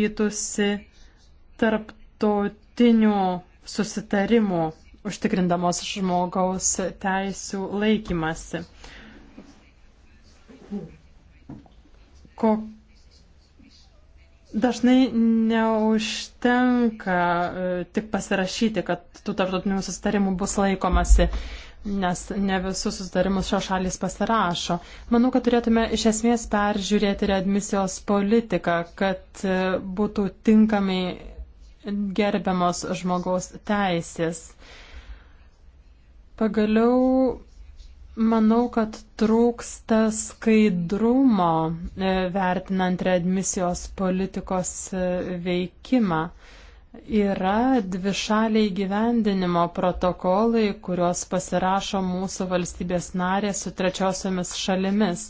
laikytųsi tarptautinių susitarimų užtikrindamos žmogaus teisų laikymasi. Ko dažnai neužtenka e, tik pasirašyti, kad tų tarptautinių susitarimų bus laikomasi nes ne visus susitarimus šios šalis pasirašo. Manau, kad turėtume iš esmės peržiūrėti readmisijos politiką, kad e, būtų tinkamai gerbiamos žmogaus teisės. Pagaliau, manau, kad trūksta skaidrumo e, vertinant readmisijos politikos e, veikimą yra dvišaliai gyvendinimo protokolai, kuriuos pasirašo mūsų valstybės narės su trečiosiomis šalimis.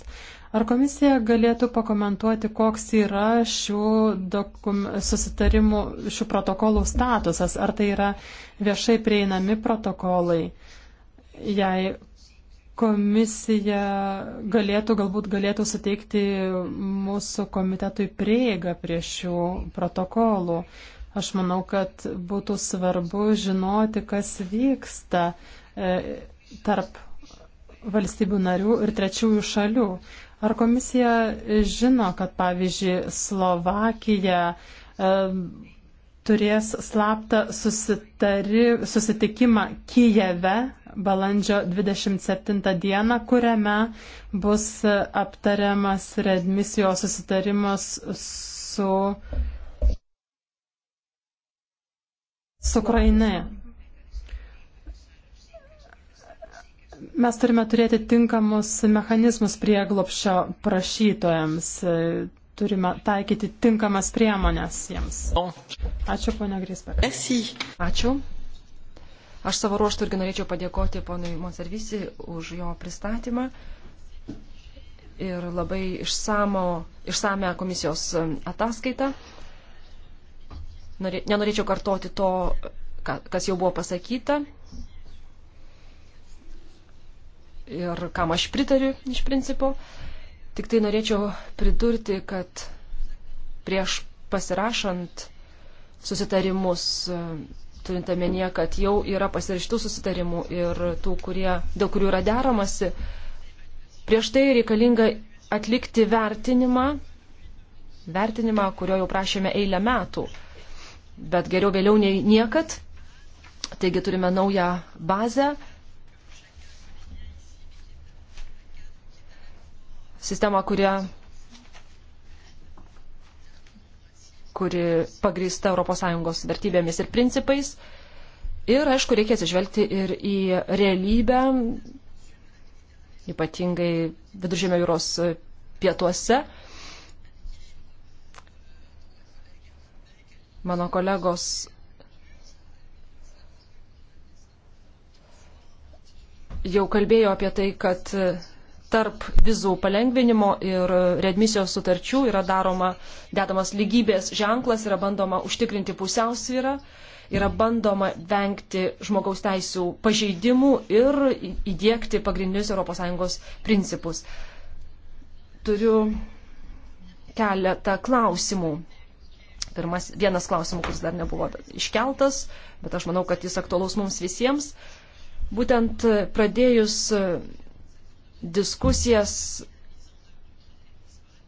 Ar komisija galėtų pakomentuoti, koks yra šių dokum, susitarimų, šių protokolų statusas? Ar tai yra viešai prieinami protokolai? Jei komisija galėtų, galbūt galėtų suteikti mūsų komitetui prieigą prie šių protokolų. Aš manau, kad būtų svarbu žinoti, kas vyksta e, tarp valstybių narių ir trečiųjų šalių. Ar komisija žino, kad pavyzdžiui Slovakija e, turės slaptą susitari, susitikimą Kijeve balandžio 27 dieną, kuriame bus aptariamas redmisijos susitarimas su su Ukraina. Mes turime turėti tinkamus mechanizmus prieglopščio prašytojams, turime taikyti tinkamas priemonės jiems. Ačiū, ponia Grisberg. Ačiū. Aš savo ruoštų irgi norėčiau padėkoti ponui Monservisi už jo pristatymą ir labai išsamo, išsame komisijos ataskaitą. Nenorėčiau kartoti to, kas jau buvo pasakyta ir kam aš pritariu iš principo. Tik tai norėčiau pridurti, kad prieš pasirašant susitarimus, turint omenyje, kad jau yra pasirašytų susitarimų ir tų, kurie, dėl kurių yra deramasi, prieš tai reikalinga atlikti vertinimą, vertinimą, kurio jau prašėme eilę metų bet geriau vėliau nei niekad. Taigi turime naują bazę. Sistema, kuria, kuri pagrįsta ES vertybėmis ir principais. Ir, aišku, reikia atsižvelgti ir į realybę, ypatingai viduržėmio jūros pietuose. Mano kolegos jau kalbėjo apie tai, kad tarp vizų palengvinimo ir redmisijos sutarčių yra daroma, dedamas lygybės ženklas, yra bandoma užtikrinti pusiausvyrą, yra bandoma vengti žmogaus teisų pažeidimų ir įdėkti pagrindinius ES principus. Turiu keletą klausimų pirmas, vienas klausimų, kuris dar nebuvo iškeltas, bet aš manau, kad jis aktualus mums visiems. Būtent pradėjus diskusijas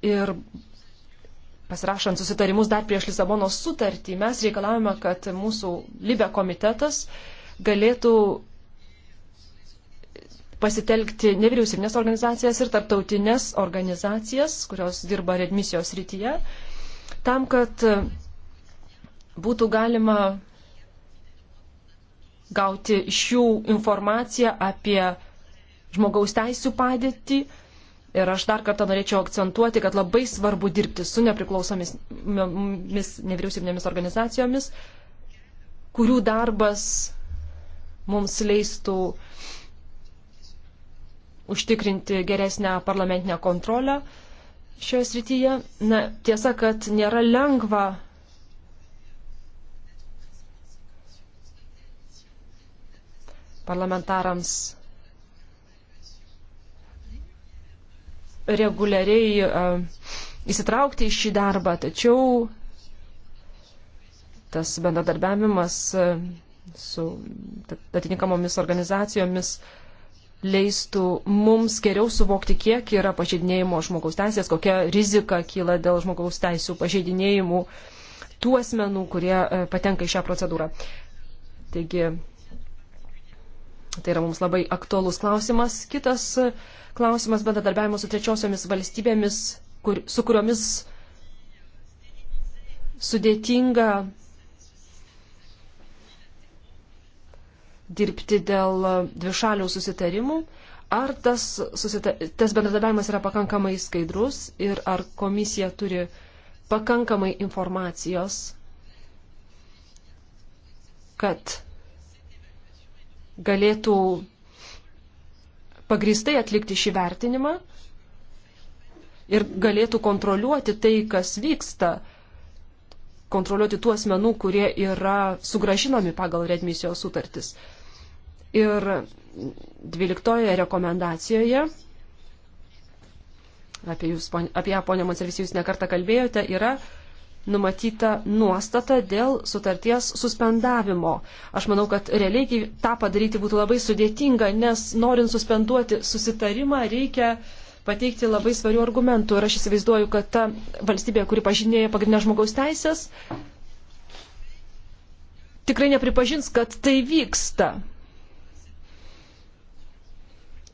ir pasirašant susitarimus dar prieš Lisabonos sutartį, mes reikalavome, kad mūsų Libė komitetas galėtų pasitelkti nevyriausybinės organizacijas ir tarptautinės organizacijas, kurios dirba redmisijos rytyje, tam, kad būtų galima gauti iš jų informaciją apie žmogaus teisų padėtį. Ir aš dar kartą norėčiau akcentuoti, kad labai svarbu dirbti su nepriklausomis nevyriausybinėmis organizacijomis, kurių darbas mums leistų užtikrinti geresnę parlamentinę kontrolę šioje srityje. Na, tiesa, kad nėra lengva parlamentarams reguliariai e, įsitraukti į šį darbą, tačiau tas bendradarbiavimas e, su atitinkamomis organizacijomis leistų mums geriau suvokti, kiek yra pažeidinėjimo žmogaus teisės, kokia rizika kyla dėl žmogaus teisų pažeidinėjimų tų asmenų, kurie e, patenka į šią procedūrą. Taigi Tai yra mums labai aktuolus klausimas. Kitas e, klausimas - bendradarbiavimas su trečiosiomis valstybėmis, kur, su kuriomis sudėtinga dirbti dėl dvišalių susitarimų. Ar tas, susita, tas bendradarbiavimas yra pakankamai skaidrus ir ar komisija turi pakankamai informacijos, kad galėtų pagristai atlikti šį vertinimą ir galėtų kontroliuoti tai, kas vyksta, kontroliuoti tų asmenų, kurie yra sugražinami pagal redmisijos sutartis. Ir 12 rekomendacijoje, apie, jūs, apie ją, ponė Monservis, jūs nekartą kalbėjote, yra numatyta nuostata dėl sutarties suspendavimo. Aš manau, kad realiai tą padaryti būtų labai sudėtinga, nes norint suspenduoti susitarimą reikia pateikti labai svarių argumentų. Ir aš įsivaizduoju, kad ta valstybė, kuri pažinėja pagrindinę žmogaus teisės, tikrai nepripažins, kad tai vyksta.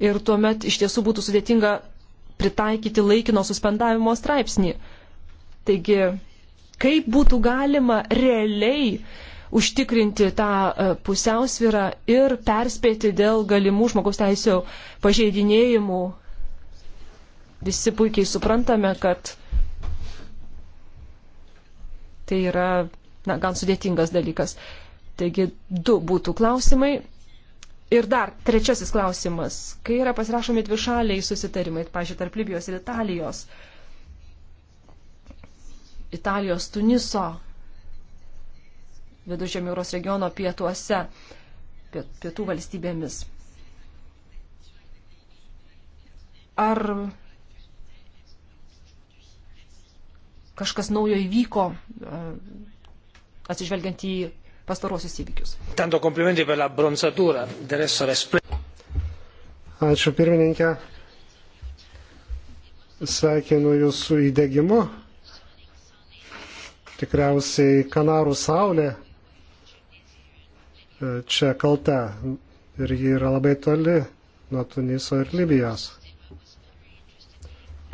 Ir tuomet iš tiesų būtų sudėtinga pritaikyti laikino suspendavimo straipsnį. Taigi kaip būtų galima realiai užtikrinti tą e, pusiausvyrą ir perspėti dėl galimų žmogaus teisų pažeidinėjimų. Visi puikiai suprantame, kad tai yra na, gan sudėtingas dalykas. Taigi du būtų klausimai. Ir dar trečiasis klausimas. Kai yra pasirašomi dvišaliai susitarimai, pažiūrėjau, tarp Libijos ir Italijos, uh, Italijos, Tuniso, Vidužėmio jūros regiono pietuose, pietų valstybėmis. Ar kažkas naujo įvyko, e, atsižvelgiant į pastarosius įvykius. Tanto komplimentai per la bronzatura, del resto l'espre. Ačiū pirmininkė. Sveikinu jūsų įdėgymu tikriausiai Kanarų saulė e, čia kalta ir ji yra labai toli nuo Tuniso ir Libijos.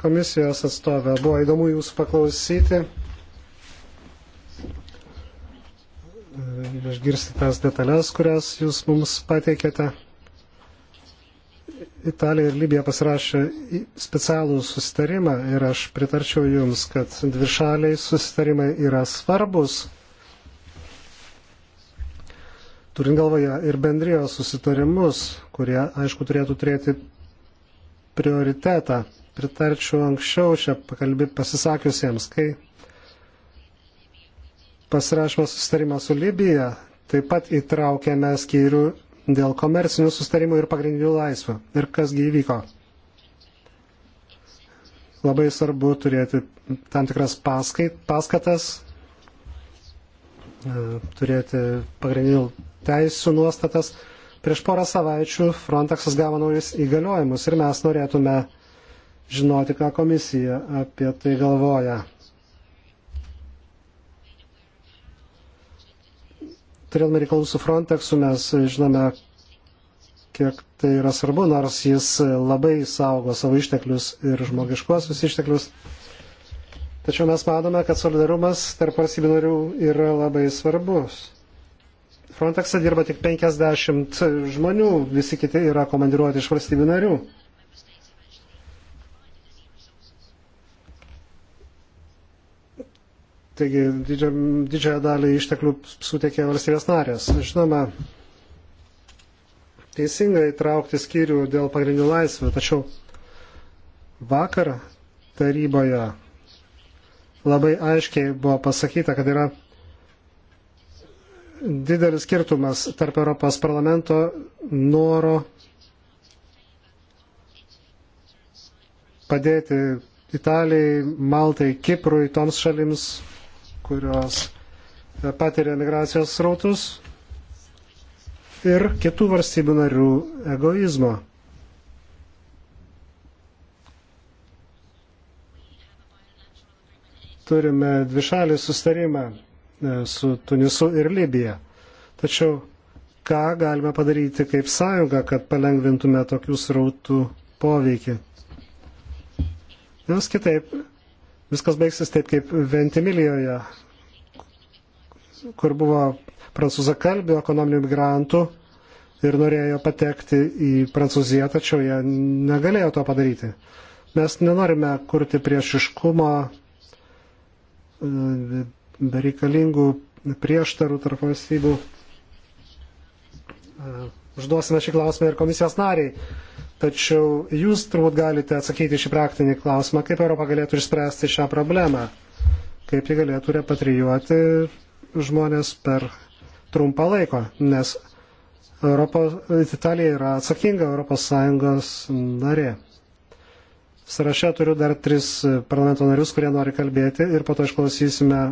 Komisijos atstovė, buvo įdomu jūsų paklausyti. E, išgirsti tas detalės, kurias jūs mums pateikėte. Italija ir Libija pasirašė specialų susitarimą ir aš pritarčiau Jums, kad dvišaliai susitarimai yra svarbus, turint galvoje ir bendrijos susitarimus, kurie, aišku, turėtų turėti prioritetą. Pritarčiau anksčiau čia pakalbė pasisakiusiems, kai pasirašymo susitarimą su Libija taip pat įtraukėme skyrių dėl komercinių sustarimų ir pagrindinių laisvių. Ir kasgi įvyko. Labai svarbu turėti tam tikras paskait, paskatas, e, turėti pagrindinių teisų nuostatas. Prieš porą savaičių Frontexas gavo naujus įgaliojimus ir mes norėtume žinoti, ką komisija apie tai galvoja. turėdami reikalų su Frontexu, mes žinome, kiek tai yra svarbu, nors jis labai saugo savo išteklius ir žmogiškuosius išteklius. Tačiau mes manome, kad solidarumas tarp valstybių narių yra labai svarbus. Frontexą dirba tik 50 žmonių, visi kiti yra komandiruoti iš valstybių narių. Taigi didžią, didžiąją dalį išteklių suteikė valstybės narės. Žinoma, teisingai traukti skyrių dėl pagrindinių laisvių, tačiau vakar taryboje labai aiškiai buvo pasakyta, kad yra didelis skirtumas tarp Europos parlamento noro padėti Italijai, Maltai, Kiprui, toms šalims, kurios e, patiria migracijos srautus ir kitų valstybių narių egoizmo. Turime dvišalį sustarimą e, su Tunisu ir Libija. Tačiau ką galime padaryti kaip sąjunga, kad palengvintume tokių srautų poveikį? Nes kitaip viskas baigsis taip kaip Ventimilijoje, kur buvo prancūzakalbių ekonominių migrantų ir norėjo patekti į Prancūziją, tačiau jie negalėjo to padaryti. Mes nenorime kurti priešiškumo, e, bereikalingų prieštarų tarp valstybių. E, užduosime šį klausimą ir komisijos nariai. Tačiau jūs turbūt galite atsakyti šį praktinį klausimą, kaip Europa galėtų išspręsti šią problemą, kaip ji galėtų repatrijuoti žmonės per trumpą laiko, nes Europos, Italija yra atsakinga ES narė. Saraše turiu dar tris parlamento narius, kurie nori kalbėti ir po to išklausysime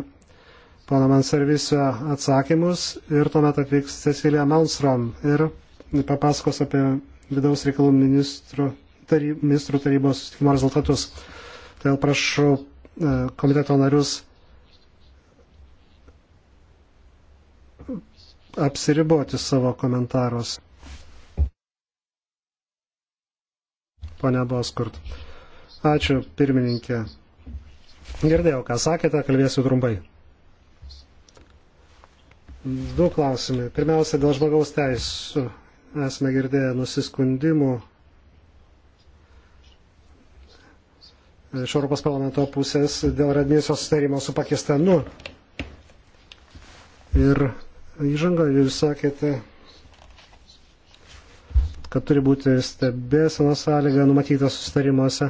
pono man serviso atsakymus ir tuomet atvyks Cecilija Malmstrom ir papasakos apie vidaus reikalų ministro, taryb, ministrų tarybos susitikimo rezultatus. Todėl prašau e, komiteto narius apsiriboti savo komentarus. Pane Boskurt. Ačiū, pirmininkė. Girdėjau, ką sakėte, kalbėsiu trumpai. Du klausimai. Pirmiausia, dėl žmogaus teisų esame girdėję nusiskundimų iš Europos parlamento pusės dėl radinysio sustarimo su Pakistanu. Ir įžanga jūs sakėte, kad turi būti stebėsena sąlyga numatyta sustarimuose.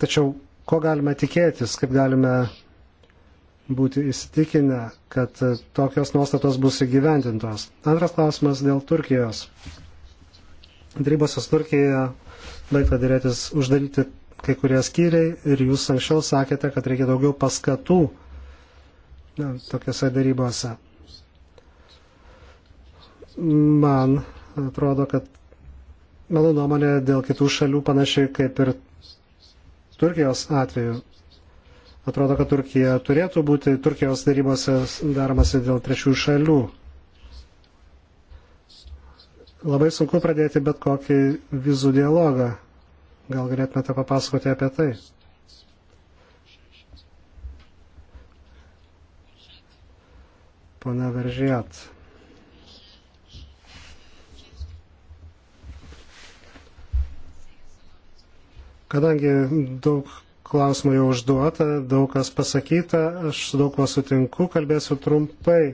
Tačiau ko galime tikėtis, kaip galime būti įsitikinę, kad tokios nuostatos bus įgyvendintos. Antras klausimas dėl Turkijos. Darybose su Turkija baigta dėrėtis uždaryti kai kurie skyriai ir jūs anksčiau sakėte, kad reikia daugiau paskatų na, tokiuose darybose. Man atrodo, kad mano nuomonė dėl kitų šalių panašiai kaip ir Turkijos atveju Atrodo, kad Turkija turėtų būti Turkijos darybose daromasi dėl trečių šalių. Labai sunku pradėti bet kokį vizų dialogą. Gal galėtumėte papasakoti apie tai? Pone Veržėt. Kadangi daug klausimų jau užduota, daug kas pasakyta, aš su daug ko sutinku, kalbėsiu trumpai.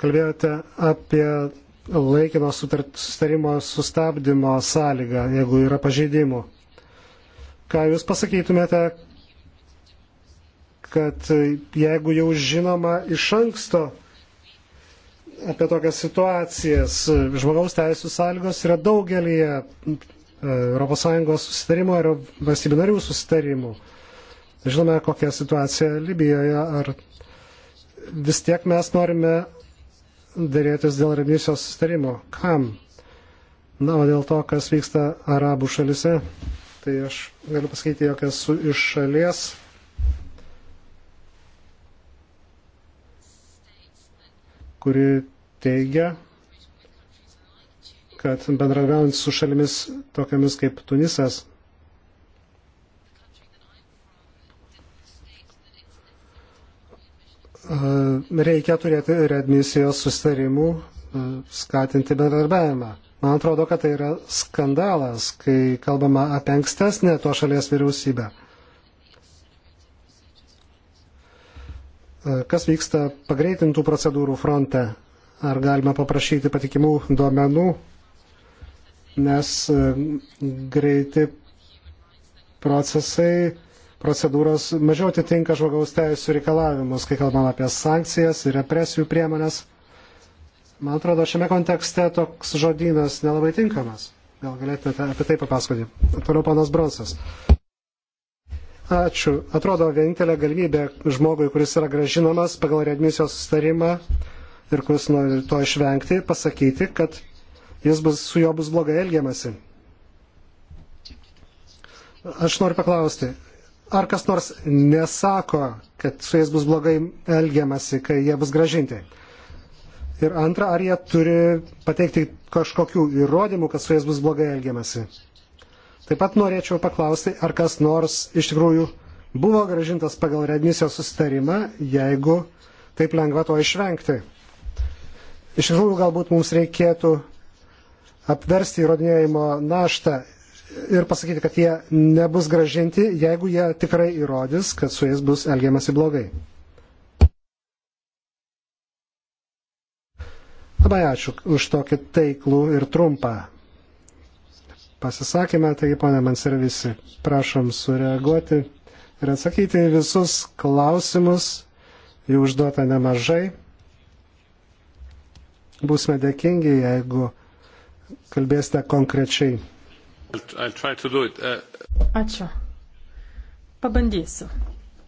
Kalbėjote apie laikino sustarimo sustabdymo sąlygą, jeigu yra pažeidimų. Ką Jūs pasakytumėte, kad jeigu jau žinoma iš anksto apie tokias situacijas, žmogaus teisų sąlygos yra daugelį ES susitarimų ar valstybių narių susitarimų. Žinome, kokia situacija Libijoje, ar vis tiek mes norime dėrėtis dėl remisijos sustarimo. Kam? Na, o dėl to, kas vyksta arabų šalise, tai aš galiu pasakyti, jog esu iš šalies. kuri teigia, kad bendradarbiaujant su šalimis tokiamis kaip Tunisas, reikia turėti readmisijos sustarimų, skatinti bendradarbiavimą. Man atrodo, kad tai yra skandalas, kai kalbama apie ankstesnę to šalies vyriausybę. Kas vyksta pagreitintų procedūrų fronte? Ar galima paprašyti patikimų duomenų nes e, greiti procesai, procedūros mažiau atitinka žmogaus teisų reikalavimus, kai kalbam apie sankcijas ir represijų priemonės. Man atrodo, šiame kontekste toks žodynas nelabai tinkamas. Gal galėtumėte apie tai papasakoti. Toliau panas Bronsas. Ačiū. Atrodo, vienintelė galimybė žmogui, kuris yra gražinamas pagal readmisijos sustarimą ir kuris nori to išvengti, pasakyti, kad jis bus, su juo bus blogai elgiamasi. Aš noriu paklausti, ar kas nors nesako, kad su jais bus blogai elgiamasi, kai jie bus gražinti? Ir antra, ar jie turi pateikti kažkokių įrodymų, kad su jais bus blogai elgiamasi? Taip pat norėčiau paklausti, ar kas nors iš tikrųjų buvo gražintas pagal redmisijos susitarimą, jeigu taip lengva to išvengti. Iš tikrųjų, galbūt mums reikėtų apversti įrodinėjimo naštą ir pasakyti, kad jie nebus gražinti, jeigu jie tikrai įrodys, kad su jais bus elgiamasi blogai. Labai ačiū už tokį taiklų ir trumpą pasisakymą. Taigi, ponė Manservisi, prašom sureaguoti ir atsakyti visus klausimus. Jų užduota nemažai. Būsime dėkingi, jeigu kalbėsite konkrečiai. Uh, Ačiū. Pabandysiu.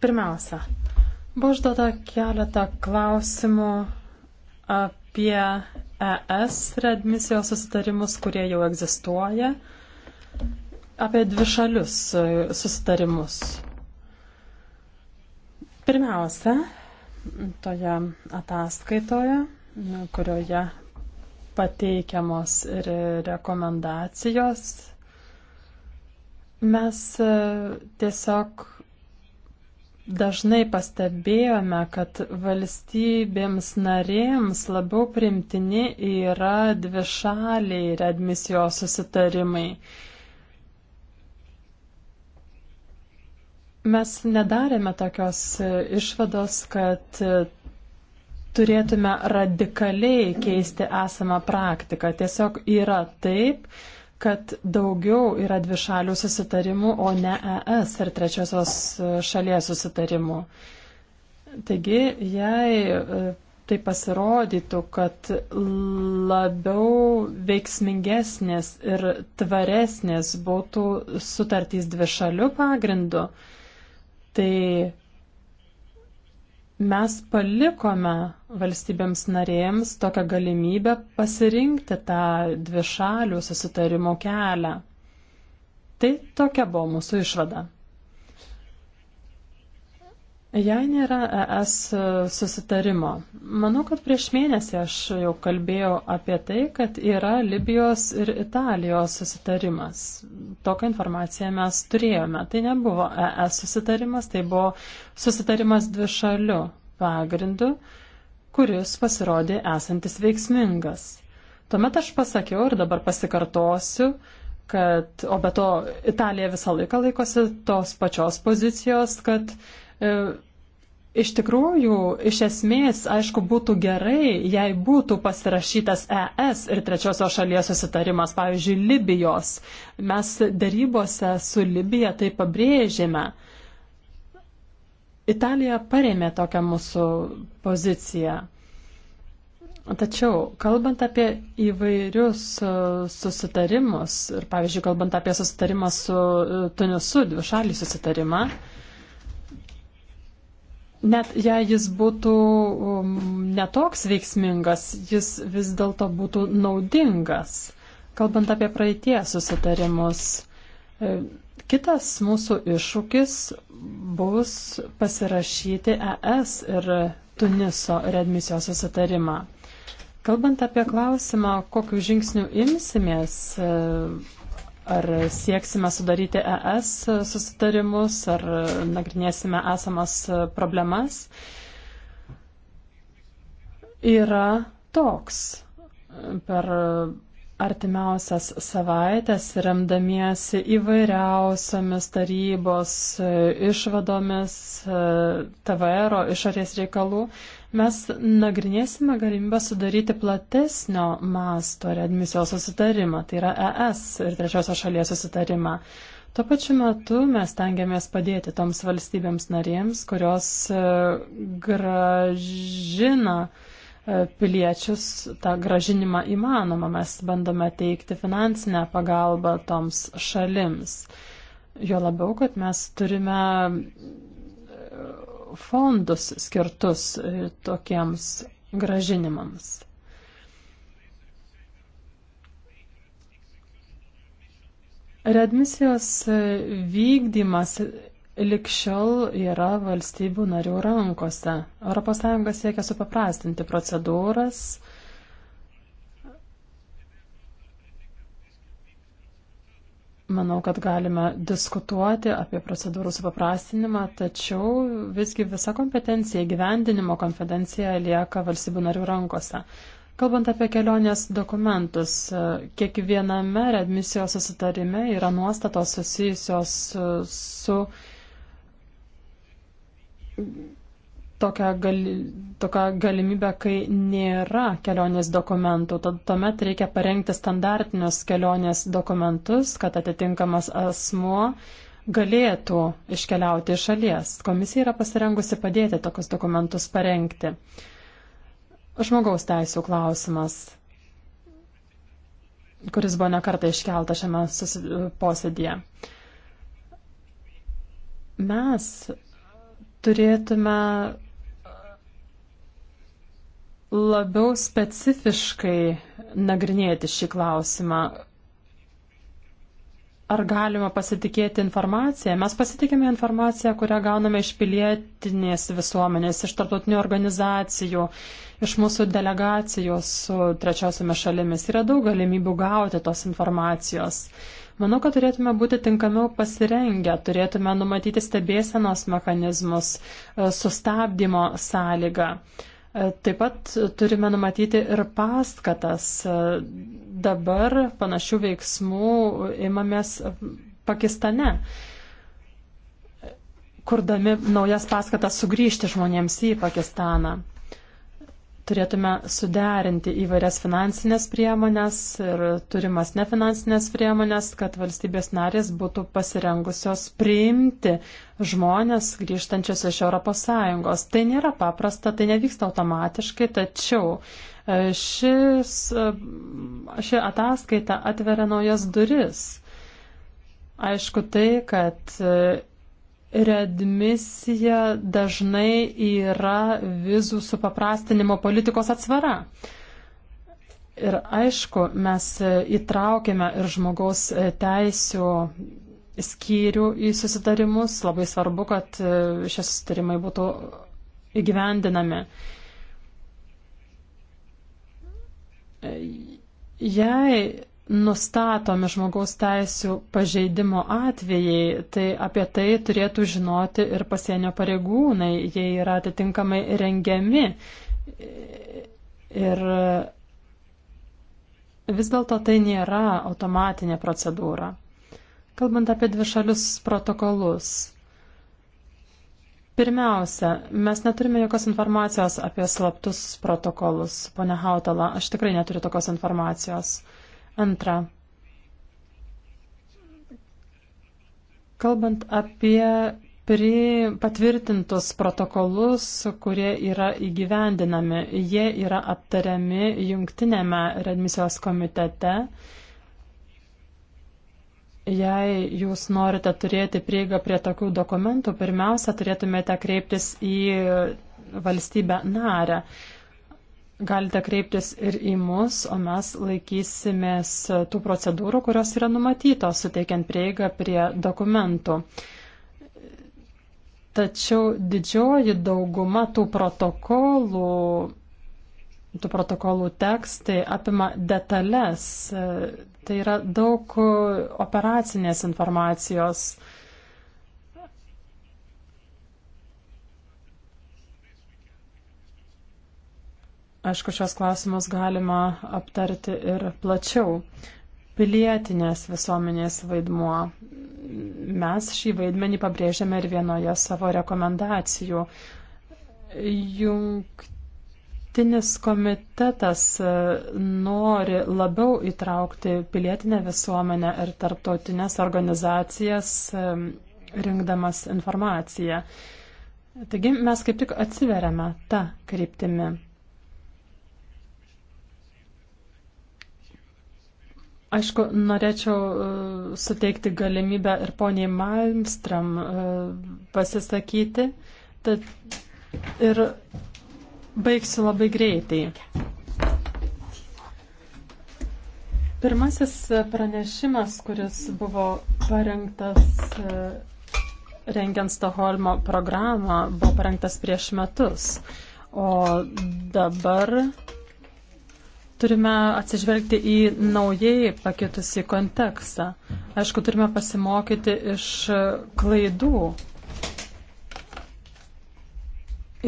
Pirmiausia, buvo užduota keletą klausimų apie ES readmisijos susitarimus, kurie jau egzistuoja, apie dvišalius e, susitarimus. Pirmiausia, toje ataskaitoje, kurioje pateikiamos ir rekomendacijos. Mes e, tiesiog dažnai pastebėjome, kad valstybėms narėms labiau primtini yra dvišaliai readmisijos susitarimai. Mes nedarėme tokios e, išvados, kad turėtume radikaliai keisti esamą praktiką. Tiesiog yra taip, kad daugiau yra dvišalių susitarimų, o ne ES ir trečiosios šalies susitarimų. Taigi, jei e, tai pasirodytų, kad labiau veiksmingesnės ir tvaresnės būtų sutartys dvišalių pagrindu, tai mes palikome valstybėms narėms tokią galimybę pasirinkti tą dvišalių susitarimo kelią. Tai tokia buvo mūsų išvada. Jei nėra ES susitarimo, manau, kad prieš mėnesį aš jau kalbėjau apie tai, kad yra Libijos ir Italijos susitarimas. Tokią informaciją mes turėjome. Tai nebuvo ES susitarimas, tai buvo susitarimas dvišaliu pagrindu, kuris pasirodė esantis veiksmingas. Tuomet aš pasakiau ir dabar pasikartosiu, kad, o be to, Italija visą laiką laikosi tos pačios pozicijos, kad E, iš tikrųjų, iš esmės, aišku, būtų gerai, jei būtų pasirašytas ES ir trečiosios šalies susitarimas, pavyzdžiui, Libijos. Mes darybose su Libija tai pabrėžėme. Italija paremė tokią mūsų poziciją. Tačiau, kalbant apie įvairius e, susitarimus, ir pavyzdžiui, kalbant apie susitarimą su e, Tunisu, dvišalį susitarimą, uh, net jei jis būtų um, netoks veiksmingas, jis vis dėlto būtų naudingas. Kalbant apie praeities susitarimus, e, kitas mūsų iššūkis bus pasirašyti ES ir Tuniso redmisijos susitarimą. Kalbant apie klausimą, kokiu žingsniu imsimės, e, Ar sieksime sudaryti ES susitarimus, ar nagrinėsime esamas problemas, yra toks. Per artimiausias savaitės, remdamiesi įvairiausiamis tarybos išvadomis, TVR išorės reikalų, mes nagrinėsime galimybę sudaryti platesnio masto readmisijos susitarimą, tai yra ES ir trečiosios šalies susitarimą. Tuo pačiu metu mes tengiamės padėti toms valstybėms narėms, kurios e, gražina e, piliečius, tą gražinimą įmanoma. Mes bandome teikti finansinę pagalbą toms šalims. Jo labiau, kad mes turime fondus skirtus e, tokiems gražinimams. Readmisijos e, vykdymas likščiol yra valstybių narių rankose. ES siekia supaprastinti procedūras, Manau, kad galime diskutuoti apie procedūrų supaprastinimą, tačiau visgi visa kompetencija, gyvendinimo kompetencija lieka valstybių narių rankose. Kalbant apie kelionės dokumentus, kiekviename admisijos susitarime yra nuostatos susijusios su tokią, gali, tokią galimybę, kai nėra kelionės dokumentų. Tad tuomet reikia parengti standartinius kelionės dokumentus, kad atitinkamas asmuo galėtų iškeliauti iš šalies. Komisija yra pasirengusi padėti tokius dokumentus parengti. Žmogaus teisų klausimas, kuris buvo nekarta iškelta šiame posėdėje. Mes turėtume labiau specifiškai nagrinėti šį klausimą. Ar galima pasitikėti informaciją? Mes pasitikėme informaciją, kurią gauname iš pilietinės visuomenės, iš tarptautinių organizacijų, iš mūsų delegacijos su trečiosiomis šalimis. Yra daug galimybių gauti tos informacijos. Manau, kad turėtume būti tinkamiau pasirengę, turėtume numatyti stebėsenos mechanizmus, e, sustabdymo sąlygą. Taip pat turime numatyti ir paskatas. Dabar panašių veiksmų imamės Pakistane, kurdami naujas paskatas sugrįžti žmonėms į Pakistaną turėtume suderinti įvairias finansinės priemonės ir turimas nefinansinės priemonės, kad valstybės narės būtų pasirengusios priimti žmonės grįžtančius iš ES. Tai nėra paprasta, tai nevyksta automatiškai, tačiau e, šis, e, ši ataskaita atveria naujas duris. Aišku tai, kad e, redmisija dažnai yra vizų supaprastinimo politikos atsvara. Ir aišku, mes įtraukėme ir žmogaus teisų skyrių į susitarimus. Labai svarbu, kad šie susitarimai būtų įgyvendinami. Jei nustatomi žmogaus teisų pažeidimo atvejai, tai apie tai turėtų žinoti ir pasienio pareigūnai, jie yra atitinkamai rengiami. Ir vis dėlto tai nėra automatinė procedūra. Kalbant apie dvišalius protokolus, Pirmiausia, mes neturime jokios informacijos apie slaptus protokolus. Pone Hautala, aš tikrai neturiu tokios informacijos. Antra. Kalbant apie pri patvirtintus protokolus, kurie yra įgyvendinami. Jie yra aptariami jungtinėme redmisijos komitete. Jei jūs norite turėti prieigą prie tokių dokumentų, pirmiausia, turėtumėte kreiptis į valstybę narę galite kreiptis ir į mus, o mes laikysimės tų procedūrų, kurios yra numatytos, suteikiant prieigą prie dokumentų. Tačiau didžioji dauguma tų protokolų, tų protokolų tekstai apima detalės. Tai yra daug operacinės informacijos. Aišku, šios klausimus galima aptarti ir plačiau. Pilietinės visuomenės vaidmuo. Mes šį vaidmenį pabrėžiame ir vienoje savo rekomendacijų. Jungtinis komitetas e, nori labiau įtraukti pilietinę visuomenę ir tarptautinės organizacijas e, rinkdamas informaciją. Taigi mes kaip tik atsiveriame tą kryptimį. Aišku, norėčiau e, suteikti galimybę ir poniai Malmstram e, pasisakyti, tad ir baigsiu labai greitai. Pirmasis pranešimas, kuris buvo parengtas e, rengiant Stoholmo programą, buvo parengtas prieš metus. O dabar turime atsižvelgti į naujai pakitusį kontekstą. Aišku, turime pasimokyti iš klaidų.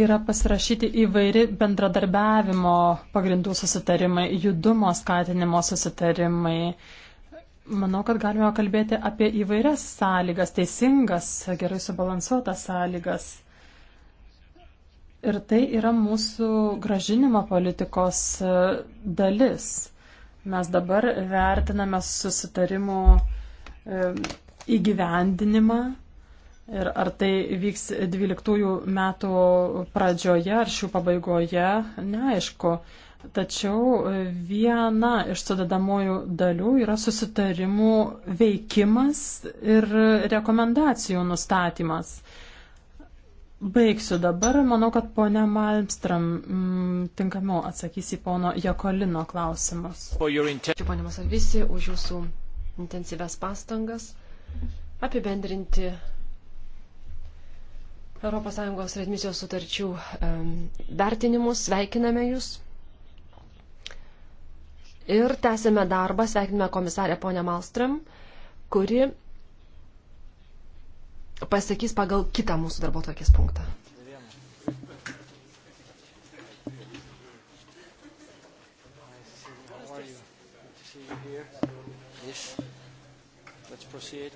Yra pasirašyti įvairi bendradarbiavimo pagrindų susitarimai, judumo skatinimo susitarimai. Manau, kad galime kalbėti apie įvairias sąlygas, teisingas, gerai subalansuotas sąlygas. Ir tai yra mūsų gražinimo politikos e, dalis. Mes dabar vertiname susitarimų e, įgyvendinimą ir ar tai vyks 12 metų pradžioje ar šių pabaigoje, neaišku. Tačiau viena iš sudedamųjų dalių yra susitarimų veikimas ir rekomendacijų nustatymas. Baigsiu dabar. Manau, kad ponia Malmstram mm, tinkamiau atsakys į pono Jekolino klausimas. Ačiū, ponia Masalvisi, už jūsų intensyves pastangas apibendrinti ES redmisijos sutarčių vertinimus. Sveikiname jūs. Ir tęsime darbą. Sveikiname komisarę ponę Malstram, kuri pasakys pagal kitą mūsų darbo tvarkės punktą. Yes. Let's proceed.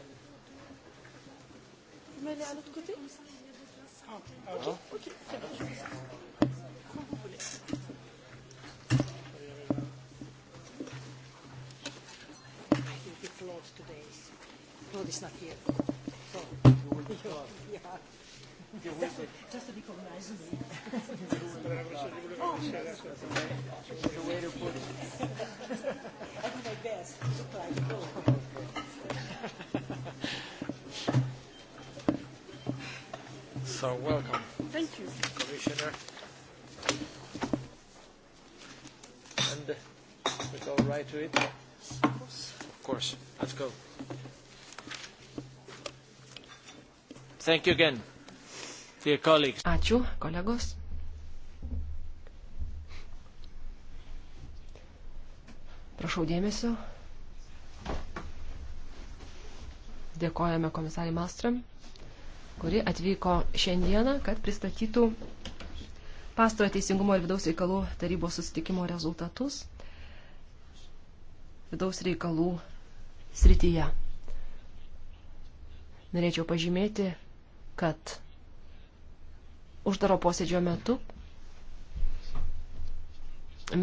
Vous m'allez à l'autre côté ah, Ok, ok, très bien. Quand vous voulez. I think we closed today's. Claude is not here. Just recognize me. oh, yes. The way to put it. I do my best. Look like gold. So, welcome. Thank you. Commissioner. And we go right to it. Of course. Of course. Let's go. Again, Ačiū, kolegos. Prašau dėmesio. Dėkojame komisarį Mastram, kuri atvyko šiandieną, kad pristatytų pastojo teisingumo ir vidaus reikalų tarybos susitikimo rezultatus vidaus reikalų srityje. Norėčiau pažymėti, kad uždaro posėdžio metu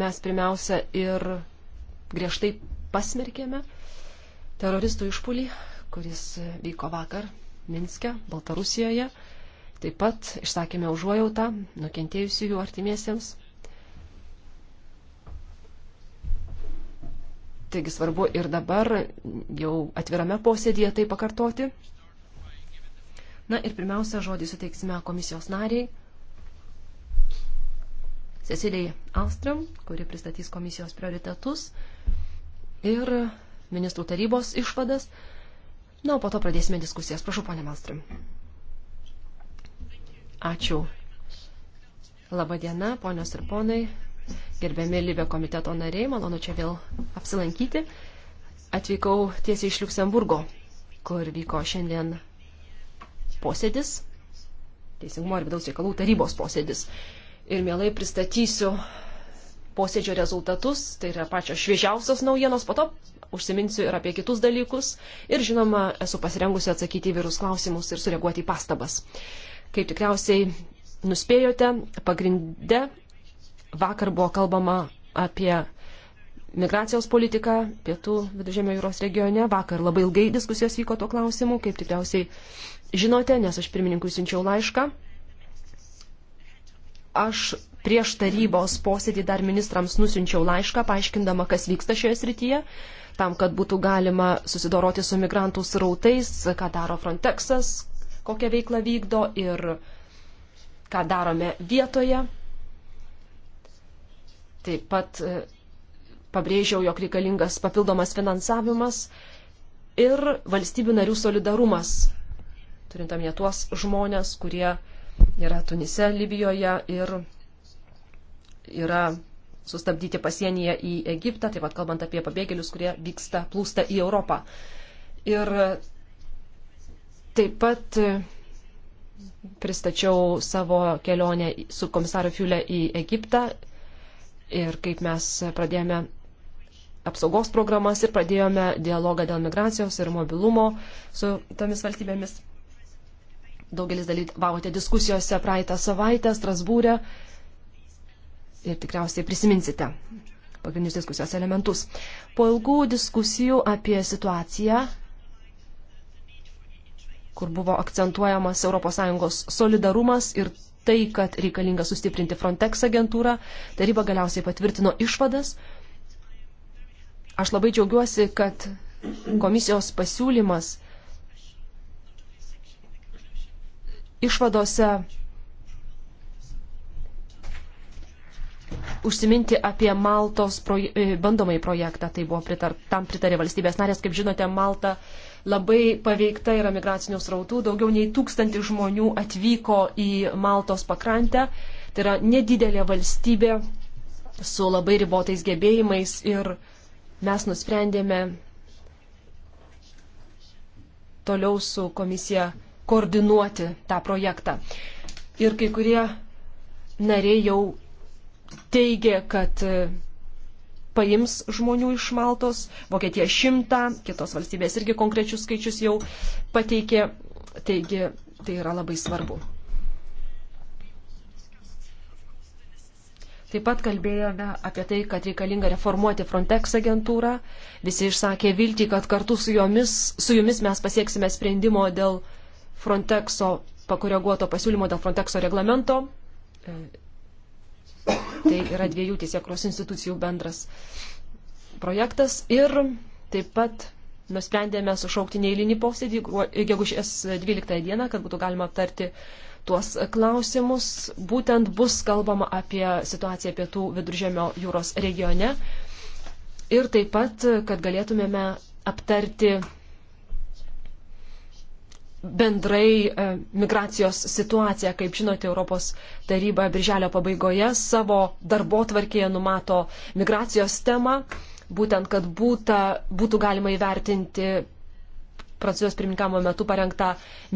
mes pirmiausia ir griežtai pasmerkėme teroristų išpulį, kuris vyko vakar Minske, Baltarusijoje. Taip pat išsakėme užuojautą nukentėjusiųjų artimiesiems. Taigi svarbu ir dabar jau atvirame posėdėje tai pakartoti. Na ir pirmiausia, žodį suteiksime komisijos nariai Cecilijai Alstram, kuri pristatys komisijos prioritetus ir ministrų tarybos išvadas. Na, o po to pradėsime diskusijas. Prašau, ponė Malstram. Ačiū. Labadiena, ponios ir ponai, gerbiami Libė komiteto nariai, malonu čia vėl apsilankyti. Atvykau tiesiai iš Luksemburgo, kur vyko šiandien posėdis, Teisingumo ir vidaus reikalų tarybos posėdis. Ir mielai pristatysiu posėdžio rezultatus, tai yra pačios šviežiausios naujienos, po to užsiminsiu ir apie kitus dalykus ir žinoma, esu pasirengusi atsakyti į virus klausimus ir sureaguoti į pastabas. Kaip tikriausiai nuspėjote, pagrinde vakar buvo kalbama apie migracijos politiką pietų viduržėmio jūros regione. Vakar labai ilgai diskusijos vyko tuo klausimu, kaip tikriausiai žinote, nes aš pirmininkui siunčiau laišką. Aš prieš tarybos posėdį dar ministrams nusinčiau laišką, paaiškindama, kas vyksta šioje srityje, tam, kad būtų galima susidoroti su migrantų srautais, ką daro Frontexas, kokią veiklą vykdo ir ką darome vietoje. Taip pat pabrėžiau, jog reikalingas papildomas finansavimas ir valstybių narių solidarumas, turintam ne tuos žmonės, kurie yra Tunise, Libijoje ir yra sustabdyti pasienyje į Egiptą, taip pat kalbant apie pabėgėlius, kurie vyksta, plūsta į Europą. Ir taip pat pristačiau savo kelionę su komisaru Fiulė į Egiptą ir kaip mes pradėjome apsaugos programas ir pradėjome dialogą dėl migracijos ir mobilumo su tomis valstybėmis. Daugelis dalyvavote diskusijose praeitą savaitę Strasbūrę ir tikriausiai prisiminsite pagrindinius diskusijos elementus. Po ilgų diskusijų apie situaciją, kur buvo akcentuojamas ES solidarumas ir tai, kad reikalinga sustiprinti Frontex agentūrą, taryba galiausiai patvirtino išvadas, Aš labai džiaugiuosi, kad komisijos pasiūlymas išvadose užsiminti apie Maltos proje e, bandomąjį projektą. Tai buvo pritar, tam pritarė valstybės narės. Kaip žinote, Malta labai paveikta yra migracinių srautų. Daugiau nei tūkstantį žmonių atvyko į Maltos pakrantę. Tai yra nedidelė valstybė su labai ribotais gebėjimais ir uh, mes nusprendėme toliau su komisija koordinuoti tą projektą. Ir kai kurie nariai jau teigė, kad e, paims žmonių iš Maltos, Vokietija šimtą, kitos valstybės irgi konkrečius skaičius jau pateikė, taigi tai yra labai svarbu. Taip pat kalbėjome apie tai, kad reikalinga reformuoti Frontex agentūrą. Visi išsakė viltį, kad kartu su, jomis, su jumis mes pasieksime sprendimo dėl Frontexo pakoreguoto pasiūlymo dėl Frontexo reglamento. Tai yra dviejų teisėkros institucijų bendras projektas. Ir taip pat nusprendėme sušaukti neįlinį posėdį gegužės 12 dieną, kad būtų galima aptarti tuos klausimus. Būtent bus kalbama apie situaciją pietų viduržėmio jūros regione ir taip pat, kad galėtumėme aptarti bendrai e, migracijos situaciją. Kaip žinote, Europos taryba birželio pabaigoje savo darbo tvarkėje numato migracijos temą, būtent, kad būta, būtų galima įvertinti Prancūzijos pirmininkamo metu parengtą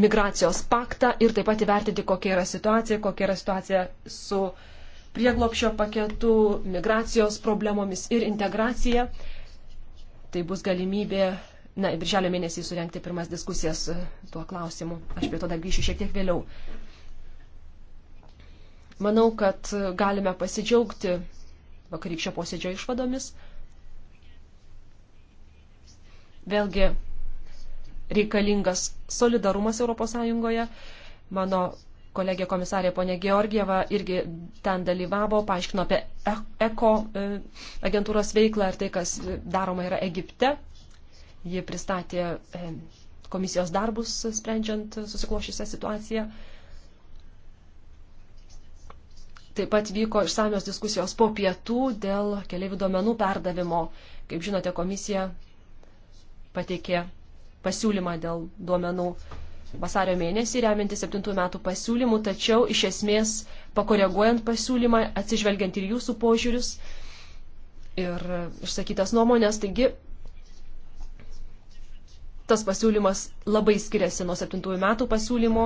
migracijos paktą ir taip pat įvertinti, kokia yra situacija, kokia yra situacija su prieglopšio paketu, migracijos problemomis ir integracija. Tai bus galimybė, na, birželio mėnesį surenkti pirmas diskusijas tuo klausimu. Aš prie to dar grįšiu šiek tiek vėliau. Manau, kad galime pasidžiaugti vakarykščio posėdžio išvadomis. Vėlgi, reikalingas solidarumas ES. Mano kolegė komisarė ponė Georgieva irgi ten dalyvavo, paaiškino apie ECO e, agentūros veiklą ir tai, kas daroma yra Egipte. Ji pristatė e, komisijos darbus, sprendžiant susiklošysią situaciją. Taip pat vyko išsamios diskusijos po pietų dėl keliaivių duomenų perdavimo. Kaip žinote, komisija pateikė pasiūlymą dėl duomenų vasario mėnesį, remianti 7 metų pasiūlymų, tačiau iš esmės pakoreguojant pasiūlymą, atsižvelgiant ir jūsų požiūrius ir išsakytas nuomonės, taigi tas pasiūlymas labai skiriasi nuo 7 metų pasiūlymo,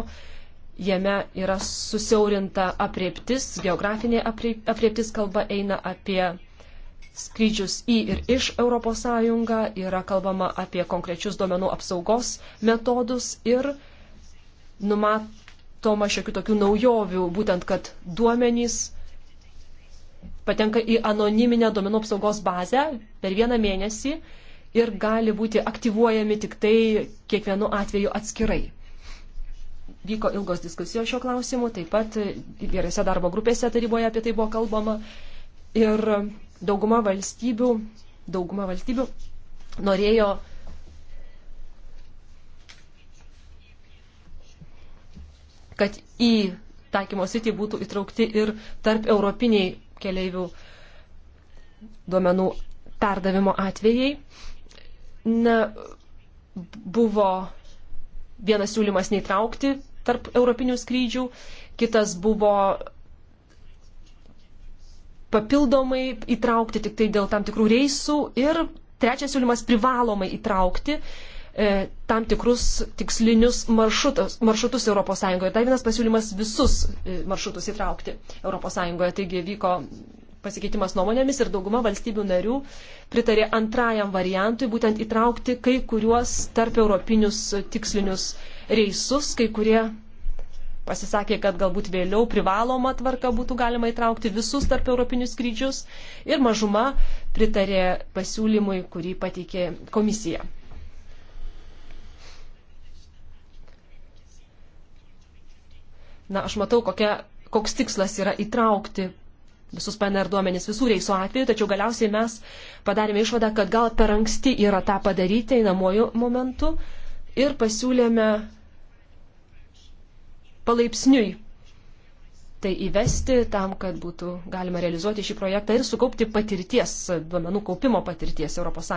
jame yra susiaurinta apriptis, geografinė apriptis kalba eina apie skrydžius į ir iš ES, yra kalbama apie konkrečius duomenų apsaugos metodus ir numatoma šiokių tokių naujovių, būtent kad duomenys patenka į anoniminę duomenų apsaugos bazę per vieną mėnesį ir gali būti aktyvuojami tik tai kiekvienu atveju atskirai. Vyko ilgos diskusijos šio klausimu, taip pat įvairiose darbo grupėse taryboje apie tai buvo kalbama. Ir dauguma valstybių, dauguma valstybių norėjo kad į taikymo sitį būtų įtraukti ir tarp europiniai keliaivių duomenų perdavimo atvejai. Na, buvo vienas siūlymas neįtraukti tarp europinių skrydžių, kitas buvo papildomai įtraukti tik tai dėl tam tikrų reisų ir trečias siūlymas privalomai įtraukti e, tam tikrus tikslinius maršrutus, maršrutus ES. Dar vienas pasiūlymas visus e, maršrutus įtraukti ES. Taigi vyko pasikeitimas nuomonėmis ir dauguma valstybių narių pritarė antrajam variantui, būtent įtraukti kai kuriuos tarp europinius tikslinius reisus, kai kurie pasisakė, kad galbūt vėliau privaloma tvarka būtų galima įtraukti visus tarp europinius skrydžius ir mažuma pritarė pasiūlymui, kurį pateikė komisija. Na, aš matau, kokia, koks tikslas yra įtraukti visus PNR duomenys visų reisų atveju, tačiau galiausiai mes padarėme išvadą, kad gal per anksti yra tą padaryti einamojų momentų ir pasiūlėme palaipsniui tai įvesti tam, kad būtų galima realizuoti šį projektą ir sukaupti patirties, duomenų kaupimo patirties ES.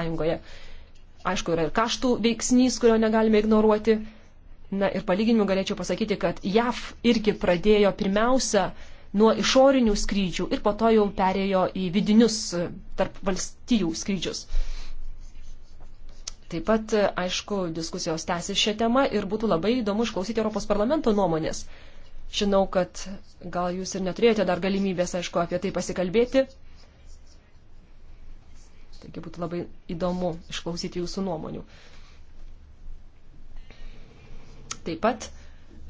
Aišku, yra ir kaštų veiksnys, kurio negalime ignoruoti. Na ir palyginimu galėčiau pasakyti, kad JAV irgi pradėjo pirmiausia nuo išorinių skrydžių ir po to jau perėjo į vidinius tarp valstijų skrydžius. Taip pat, aišku, diskusijos tęsis šią temą ir būtų labai įdomu išklausyti Europos parlamento nuomonės. Žinau, kad gal jūs ir neturėjote dar galimybės, aišku, apie tai pasikalbėti. Taigi būtų labai įdomu išklausyti jūsų nuomonių. Taip pat,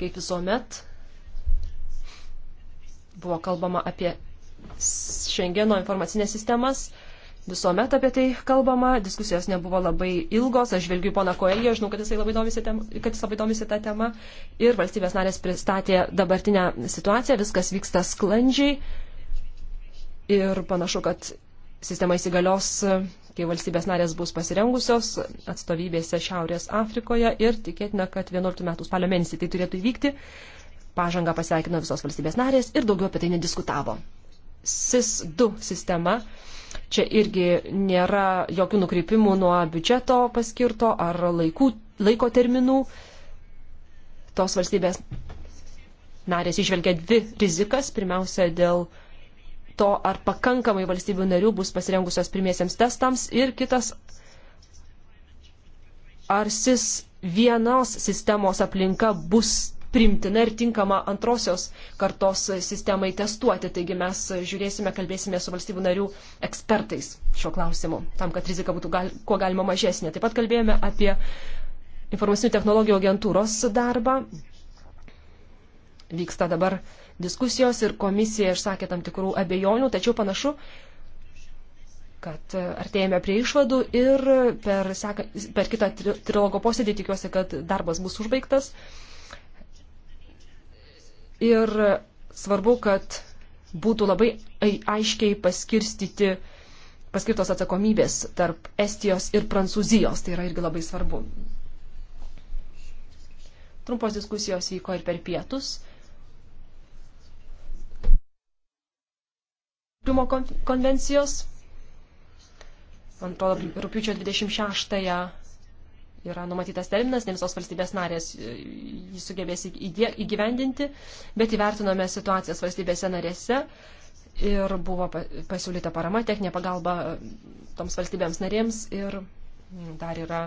kaip visuomet, buvo kalbama apie Šengeno informacinės sistemas visuomet apie tai kalbama, diskusijos nebuvo labai ilgos, aš žvelgiu poną Koelį, žinau, kad jis labai domisi, tem, kad jis labai domisi tą temą ir valstybės narės pristatė dabartinę situaciją, viskas vyksta sklandžiai ir panašu, kad sistema įsigalios, kai valstybės narės bus pasirengusios atstovybėse Šiaurės Afrikoje ir tikėtina, kad 11 metų spalio mėnesį tai turėtų įvykti. Pažangą pasveikino visos valstybės narės ir daugiau apie tai nediskutavo. SIS 2 sistema Čia irgi nėra jokių nukreipimų nuo biudžeto paskirto ar laikų, laiko terminų. Tos valstybės narės išvelgia dvi rizikas. Pirmiausia, dėl to, ar pakankamai valstybių narių bus pasirengusios pirmiesiems testams. Ir kitas, ar SIS vienos sistemos aplinka bus primtina ir tinkama antrosios kartos sistemai testuoti. Taigi mes žiūrėsime, kalbėsime su valstybių narių ekspertais šio klausimu, tam, kad rizika būtų gal, kuo galima mažesnė. Taip pat kalbėjome apie informacinių technologijų agentūros darbą. Vyksta dabar diskusijos ir komisija išsakė tam tikrų abejonių, tačiau panašu, kad artėjame prie išvadų ir per, seka, per kitą trilogo posėdį tikiuosi, kad darbas bus užbaigtas. Ir svarbu, kad būtų labai aiškiai paskirstyti, paskirtos atsakomybės tarp Estijos ir Prancūzijos. Tai yra irgi labai svarbu. Trumpos diskusijos vyko ir per pietus. Primo konvencijos, man atrodo, rūpiučio 26 yra numatytas terminas, ne visos valstybės narės e, jį sugebės įgyvendinti, bet įvertinome situacijas valstybėse narėse ir buvo pasiūlyta parama, techninė pagalba e, toms valstybėms narėms ir mm, dar yra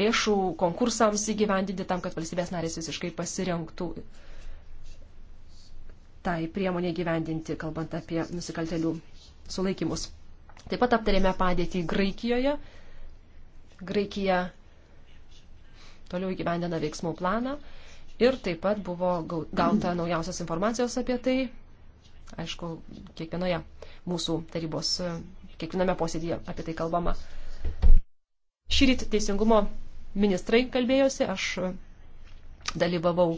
lėšų konkursams įgyvendinti tam, kad valstybės narės visiškai pasirinktų tai priemonė gyvendinti, kalbant apie nusikaltelių sulaikymus. Taip pat aptarėme padėtį Graikijoje Graikija toliau įgyvendina veiksmų planą ir taip pat buvo gauta naujausios informacijos apie tai, aišku, kiekvienoje mūsų tarybos, kiekviename posėdėje apie tai kalbama. Šį rytį teisingumo ministrai kalbėjosi, aš dalyvavau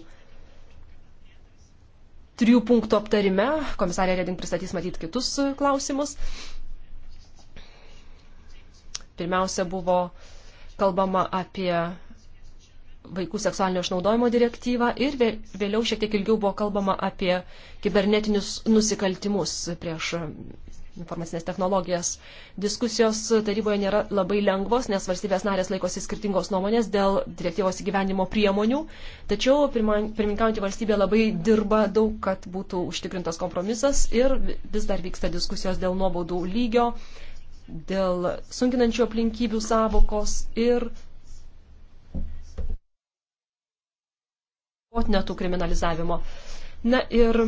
trijų punktų aptarime, komisarė Reding pristatys matyti kitus klausimus. Pirmiausia buvo kalbama apie vaikų seksualinio išnaudojimo direktyvą ir vėliau šiek tiek ilgiau buvo kalbama apie kibernetinius nusikaltimus prieš informacinės technologijas. Diskusijos taryboje nėra labai lengvos, nes valstybės narės laikosi skirtingos nuomonės dėl direktyvos įgyvenimo priemonių, tačiau pirmininkaujantį valstybė labai dirba daug, kad būtų užtikrintas kompromisas ir vis dar vyksta diskusijos dėl nuobaudų lygio, dėl sunkinančių aplinkybių savokos ir potnetų kriminalizavimo. Na ir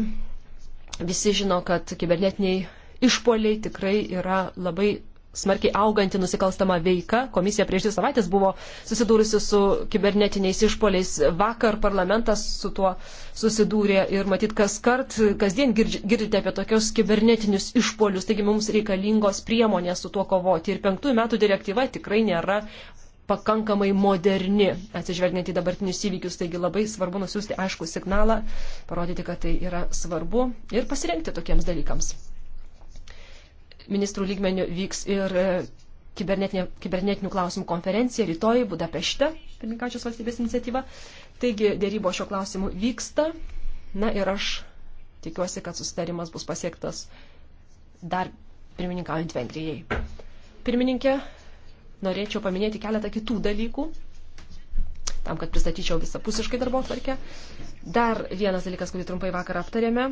visi žino, kad kibernetiniai išpoliai tikrai yra labai smarkiai auganti nusikalstama veika. Komisija prieš dvi savaitės buvo susidūrusi su kibernetiniais išpoliais. Vakar parlamentas su tuo susidūrė ir matyt, kas kart, kasdien girdite apie tokius kibernetinius išpolius. Taigi mums reikalingos priemonės su tuo kovoti. Ir penktųjų metų direktyva tikrai nėra pakankamai moderni, atsižvelgiant į dabartinius įvykius. Taigi labai svarbu nusiųsti aišku signalą, parodyti, kad tai yra svarbu ir pasirengti tokiems dalykams ministrų lygmenių vyks ir e, kibernetinių klausimų konferencija rytoj Budapešte, pirmininkačios valstybės iniciatyva. Taigi dėrybo šio klausimu vyksta. Na ir aš tikiuosi, kad susitarimas bus pasiektas dar pirmininkaujant Vengrijai. Pirmininkė, norėčiau paminėti keletą kitų dalykų, tam, kad pristatyčiau visapusiškai darbo atvarkę. Dar vienas dalykas, kurį trumpai vakar aptarėme,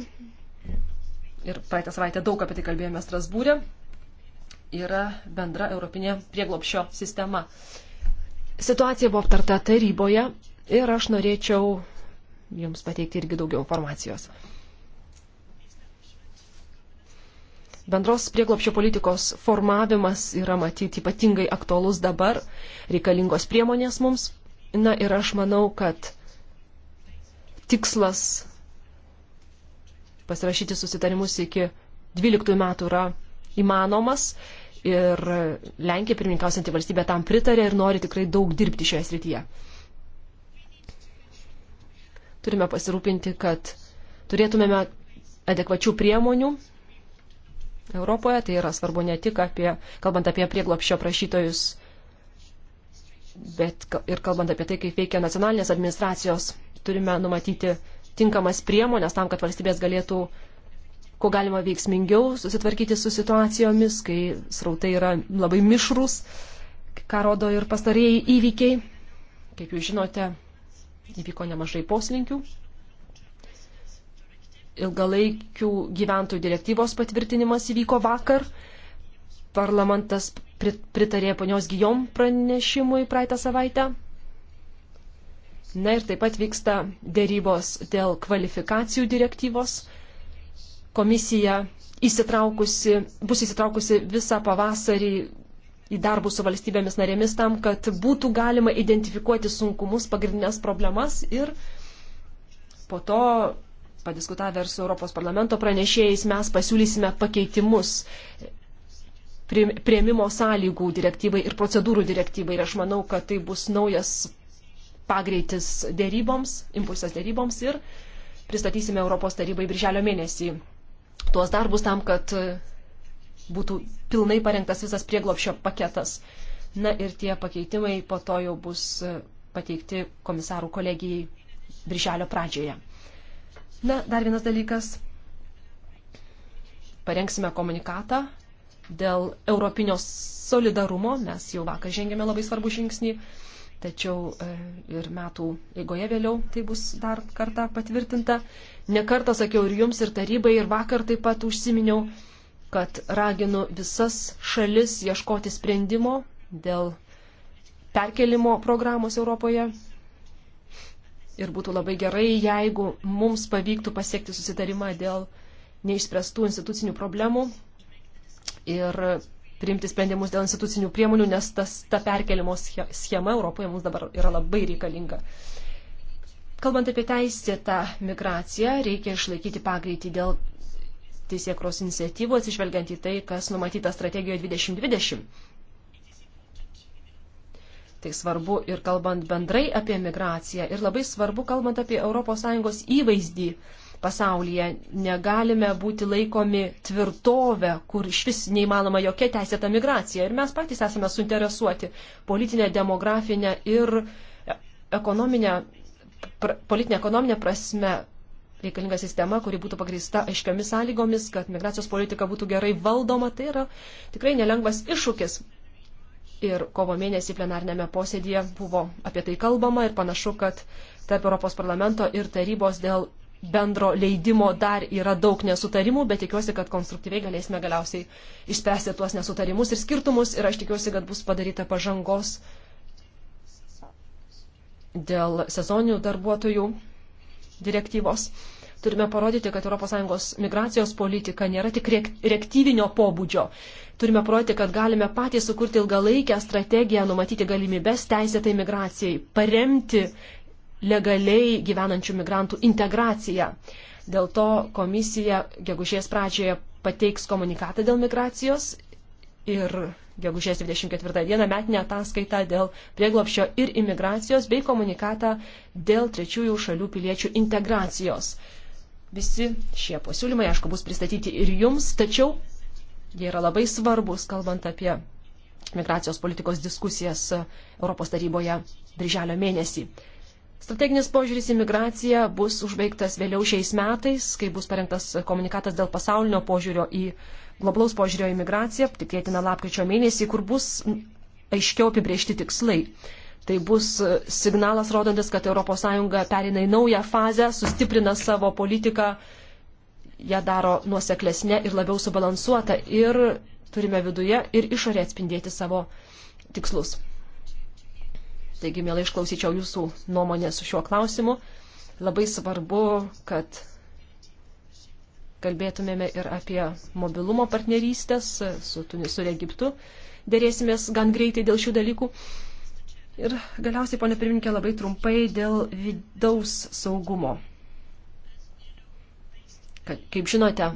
ir praeitą savaitę daug apie tai kalbėjome Strasbūrė, yra bendra europinė prieglopšio sistema. Situacija buvo aptarta taryboje ir aš norėčiau Jums pateikti irgi daugiau informacijos. Bendros prieglopščio politikos formavimas yra matyti ypatingai aktuolus dabar, reikalingos priemonės mums. Na ir aš manau, kad tikslas pasirašyti susitarimus iki 12 metų yra įmanomas. Ir Lenkija, pirmininkausianti valstybė, tam pritarė ir nori tikrai daug dirbti šioje srityje. Turime pasirūpinti, kad turėtumėme adekvačių priemonių Europoje. Tai yra svarbu ne tik apie, kalbant apie prieglopščio prašytojus, bet ir kalbant apie tai, kaip veikia nacionalinės administracijos. Turime numatyti tinkamas priemonės tam, kad valstybės galėtų kuo galima veiksmingiau susitvarkyti su situacijomis, kai srautai yra labai mišrus, ką rodo ir pastarėjai įvykiai. Kaip jūs žinote, įvyko nemažai poslinkių. Ilgalaikių gyventojų direktyvos patvirtinimas įvyko vakar. Parlamentas pritarė ponios Gijom pranešimui praeitą savaitę. Na ir taip pat vyksta dėrybos dėl kvalifikacijų direktyvos. Komisija įsitraukusi, bus įsitraukusi visą pavasarį į darbus su valstybėmis narėmis tam, kad būtų galima identifikuoti sunkumus, pagrindinės problemas ir po to, padiskutavę ir su Europos parlamento pranešėjais, mes pasiūlysime pakeitimus prieimimo sąlygų direktyvai ir procedūrų direktyvai. Ir aš manau, kad tai bus naujas pagreitis dėryboms, impulsas dėryboms ir pristatysime Europos tarybai birželio mėnesį tuos darbus tam, kad e, būtų pilnai parengtas visas prieglopšio paketas. Na ir tie pakeitimai po to jau bus e, pateikti komisarų kolegijai birželio pradžioje. Na, dar vienas dalykas. Parengsime komunikatą dėl europinio solidarumo. Mes jau vakar žengėme labai svarbų žingsnį tačiau e, ir metų eigoje vėliau tai bus dar kartą patvirtinta. Nekartą sakiau ir jums, ir tarybai, ir vakar taip pat užsiminiau, kad raginu visas šalis ieškoti sprendimo dėl perkelimo programos Europoje. Ir būtų labai gerai, jeigu mums pavyktų pasiekti susitarimą dėl neišspręstų institucinių problemų ir priimti sprendimus dėl institucinių priemonių, nes tas, ta perkelimo schema Europoje mums dabar yra labai reikalinga. Kalbant apie teisėtą migraciją, reikia išlaikyti pagreitį dėl teisėkros iniciatyvų, atsižvelgiant į tai, kas numatyta strategijoje 2020. Tai svarbu ir kalbant bendrai apie migraciją, ir labai svarbu kalbant apie ES įvaizdį pasaulyje. Negalime būti laikomi tvirtovę, kur iš vis neįmanoma jokia teisėta migracija. Ir mes patys esame suinteresuoti politinę, demografinę ir ekonominę, pra, politinę, ekonominę prasme reikalinga sistema, kuri būtų pagrįsta aiškiomis sąlygomis, kad migracijos politika būtų gerai valdoma. Tai yra tikrai nelengvas iššūkis. Ir kovo mėnesį plenarnėme posėdėje buvo apie tai kalbama ir panašu, kad tarp Europos parlamento ir tarybos dėl bendro leidimo dar yra daug nesutarimų, bet tikiuosi, kad konstruktyviai galėsime galiausiai išspręsti tuos nesutarimus ir skirtumus ir aš tikiuosi, kad bus padaryta pažangos dėl sezoninių darbuotojų direktyvos. Turime parodyti, kad ES migracijos politika nėra tik reaktyvinio pobūdžio. Turime parodyti, kad galime patys sukurti ilgalaikę strategiją, numatyti galimybes teisėtai migracijai, paremti legaliai gyvenančių migrantų integraciją. Dėl to komisija gegužės pradžioje pateiks komunikatą dėl migracijos ir gegužės 24 dieną metinę ataskaitą dėl prieglopščio ir imigracijos bei komunikatą dėl trečiųjų šalių piliečių integracijos. Visi šie pasiūlymai, aišku, bus pristatyti ir jums, tačiau jie yra labai svarbus, kalbant apie migracijos politikos diskusijas Europos taryboje birželio mėnesį. Strateginis požiūris į migraciją bus užbaigtas vėliau šiais metais, kai bus parengtas komunikatas dėl pasaulinio požiūrio į globalaus požiūrio į migraciją, tikėtina lapkričio mėnesį, kur bus aiškiau apibriežti tikslai. Tai bus signalas rodantis, kad ES perina į naują fazę, sustiprina savo politiką, ją daro nuoseklesnė ir labiau subalansuota ir turime viduje ir išorė atspindėti savo tikslus. Taigi, mielai išklausyčiau jūsų nuomonę su šiuo klausimu. Labai svarbu, kad kalbėtumėme ir apie mobilumo partnerystės su Tunisu ir Egiptu. Dėrėsimės gan greitai dėl šių dalykų. Ir galiausiai, ponė pirminkė, labai trumpai dėl vidaus saugumo. Kaip žinote,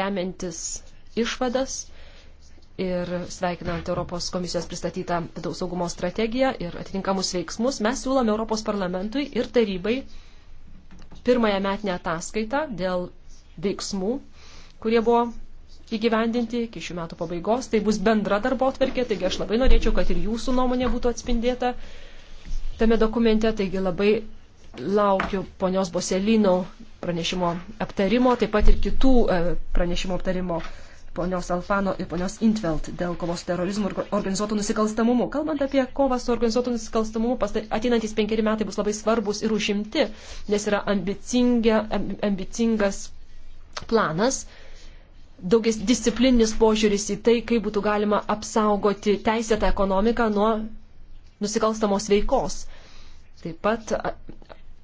remiantis išvadas ir sveikinant Europos komisijos pristatytą vidaus saugumo strategiją ir atitinkamus veiksmus, mes siūlome Europos parlamentui ir tarybai pirmąją metinę ataskaitą dėl veiksmų, kurie buvo įgyvendinti iki šių metų pabaigos. Tai bus bendra darbo atverkė, taigi aš labai norėčiau, kad ir jūsų nuomonė būtų atspindėta tame dokumente. Taigi labai laukiu ponios Boselino pranešimo aptarimo, taip pat ir kitų e, pranešimo aptarimo ponios Alfano ir ponios Intvelt dėl kovos su terorizmu ir organizuotų nusikalstamumu. Kalbant apie kovą su organizuotų nusikalstamumu, ateinantis penkeri metai bus labai svarbus ir užimti, nes yra ambicingas planas, daugis disciplininis požiūris į tai, kaip būtų galima apsaugoti teisėtą ekonomiką nuo nusikalstamos veikos. Taip pat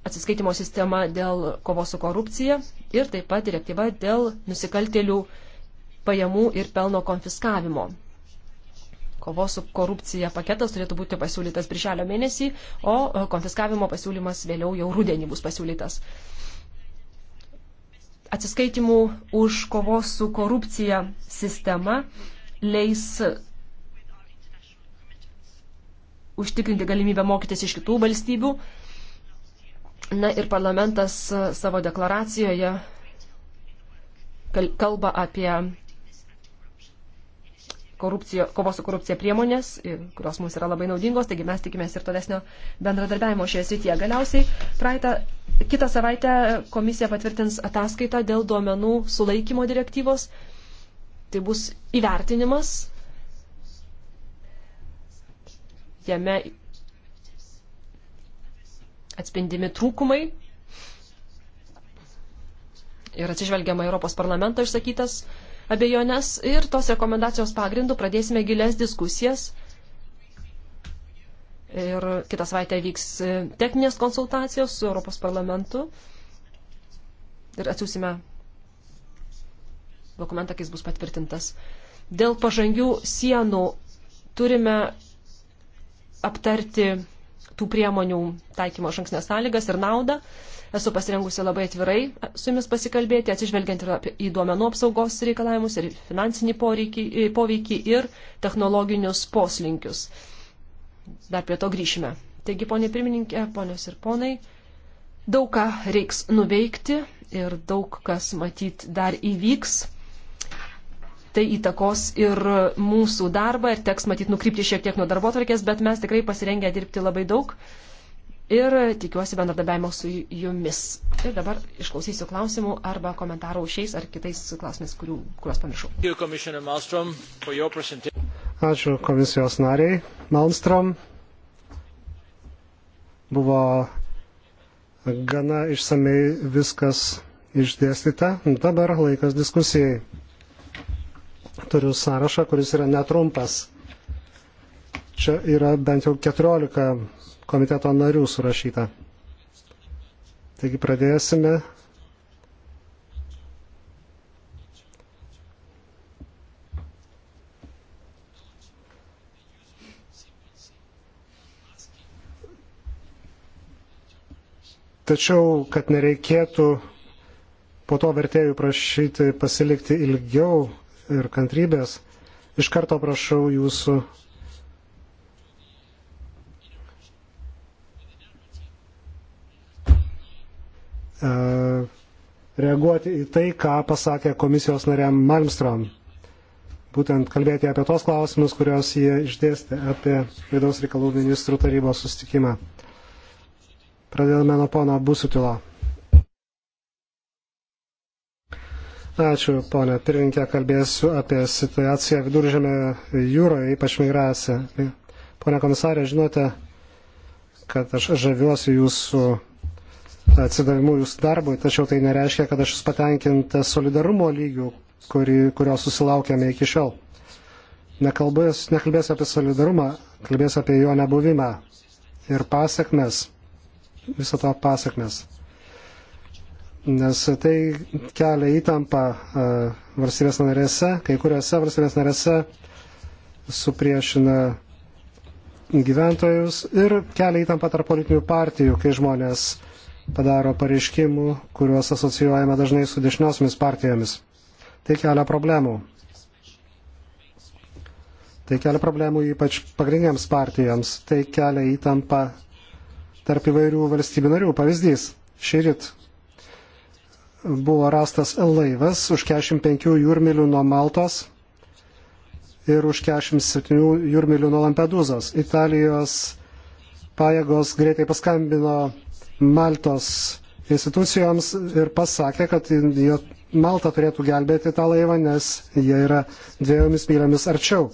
atsiskaitimo sistema dėl kovos su korupcija ir taip pat direktyva dėl nusikaltėlių pajamų ir pelno konfiskavimo. Kovos su korupcija paketas turėtų būti pasiūlytas birželio mėnesį, o e, konfiskavimo pasiūlymas vėliau jau rudenį bus pasiūlytas. Atsiskaitimų už kovos su korupcija sistema leis užtikrinti galimybę mokytis iš kitų valstybių. Na ir parlamentas e, savo deklaracijoje kalba apie kovos su korupcija priemonės, kurios mums yra labai naudingos, taigi mes tikimės ir tolesnio bendradarbiavimo šioje srityje. Galiausiai praeitą, kitą savaitę komisija patvirtins ataskaitą dėl duomenų sulaikymo direktyvos. Tai bus įvertinimas. Jame atspindimi trūkumai ir atsižvelgiama Europos parlamento išsakytas abejonės ir tos rekomendacijos pagrindų pradėsime gilės diskusijas. Ir kitą savaitę vyks e, techninės konsultacijos su Europos parlamentu. Ir atsiūsime dokumentą, kai jis bus patvirtintas. Dėl pažangių sienų turime aptarti tų priemonių taikymo šanksnės sąlygas ir naudą. Esu pasirengusi labai atvirai su jumis pasikalbėti, atsižvelgiant ir į duomenų apsaugos reikalavimus, ir finansinį poreikį, poveikį, ir technologinius poslinkius. Dar prie to grįšime. Taigi, ponė pirmininkė, ponios ir ponai, daug ką reiks nuveikti ir daug kas matyt dar įvyks tai įtakos ir mūsų darbą ir teks matyt nukrypti šiek tiek nuo darbo tvarkės, bet mes tikrai pasirengę dirbti labai daug ir tikiuosi bendradarbiavimo su jumis. Ir dabar išklausysiu klausimų arba komentarų šiais ar kitais klausimais, kurių, kuriuos pamiršau. Ačiū komisijos nariai. Malmstrom buvo gana išsamei viskas išdėstyta. Dabar laikas diskusijai. Turiu sąrašą, kuris yra netrumpas. Čia yra bent jau 14 komiteto narių surašyta. Taigi pradėsime. Tačiau, kad nereikėtų po to vertėjų prašyti pasilikti ilgiau ir kantrybės, iš karto prašau jūsų E, reaguoti į tai, ką pasakė komisijos nariam Malmstrom. Būtent kalbėti apie tos klausimus, kuriuos jie išdėstė apie vidaus reikalų ministrų tarybos sustikimą. Pradedame nuo pono Busutilo. Ačiū, ponė pirmininkė, kalbėsiu apie situaciją viduržėme jūroje, ypač migraciją. Pone komisarė, žinote, kad aš žaviuosi jūsų atsidavimu jūsų darbui, tačiau tai nereiškia, kad aš jūs patenkintas solidarumo lygių, kuri, kurio susilaukėme iki šiol. Nekalbės, nekalbės apie solidarumą, kalbės apie jo nebuvimą ir pasiekmes, viso to pasiekmes. Nes tai kelia įtampą uh, valstybės narėse, kai kuriuose valstybės narėse supriešina gyventojus ir kelia įtampą tarp politinių partijų, kai žmonės uh, padaro pareiškimų, kuriuos asocijuojame dažnai su dešiniosiomis partijomis. Tai kelia problemų. Tai kelia problemų ypač pagrindiniams partijoms. Tai kelia įtampą tarp įvairių valstybių narių. Pavyzdys. Šįryt buvo rastas laivas už 45 jūrmilių nuo Maltos ir už 47 jūrmilių nuo Lampedūzos. Italijos pajėgos greitai paskambino Maltos institucijoms ir pasakė, kad jo, Malta turėtų gelbėti tą laivą, nes jie yra dviejomis mylėmis arčiau.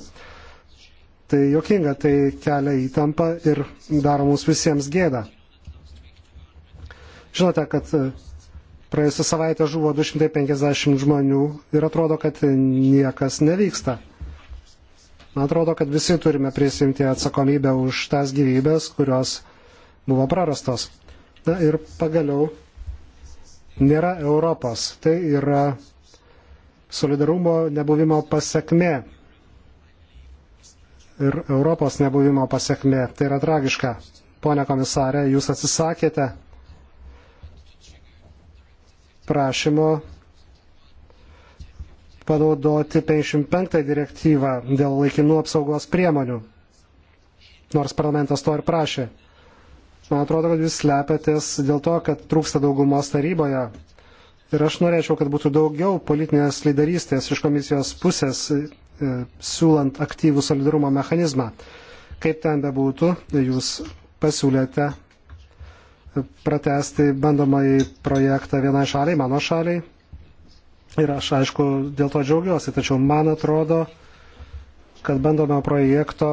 Tai jokinga, tai kelia įtampą ir daro mums visiems gėdą. Žinote, kad e, praėjusią savaitę žuvo 250 žmonių ir atrodo, kad niekas nevyksta. Man atrodo, kad visi turime prisimti atsakomybę už tas gyvybės, kurios buvo prarastos. Na ir pagaliau nėra Europos. Tai yra solidarumo nebuvimo pasiekmė. Ir Europos nebuvimo pasiekmė. Tai yra tragiška. Pone komisarė, jūs atsisakėte prašymo panaudoti 55 direktyvą dėl laikinų apsaugos priemonių, nors parlamentas to ir prašė. Man atrodo, kad jūs slepiatės dėl to, kad trūksta daugumos taryboje. Ir aš norėčiau, kad būtų daugiau politinės lyderystės iš komisijos pusės, e, siūlant aktyvų solidarumo mechanizmą. Kaip ten bebūtų, jūs pasiūlėte e, pratesti bandomąjį projektą vienai šaliai, mano šaliai. Ir aš, aišku, dėl to džiaugiuosi, tačiau man atrodo, kad bandomojo projekto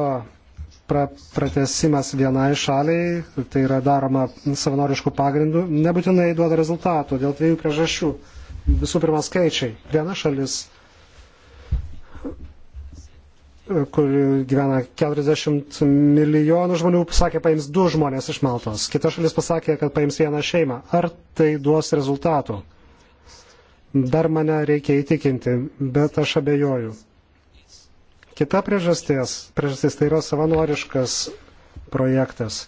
pra, pratesimas vienai šaliai, tai yra daroma savanoriškų pagrindų, nebūtinai duoda rezultatų dėl dviejų priežasčių. Visų pirma, skaičiai. Viena šalis, kur gyvena 40 milijonų žmonių, pasakė, paims du žmonės iš Maltos. Kita šalis pasakė, kad paims vieną šeimą. Ar tai duos rezultatų? Dar mane reikia įtikinti, bet aš abejoju. Kita priežastis, priežastis tai yra savanoriškas projektas.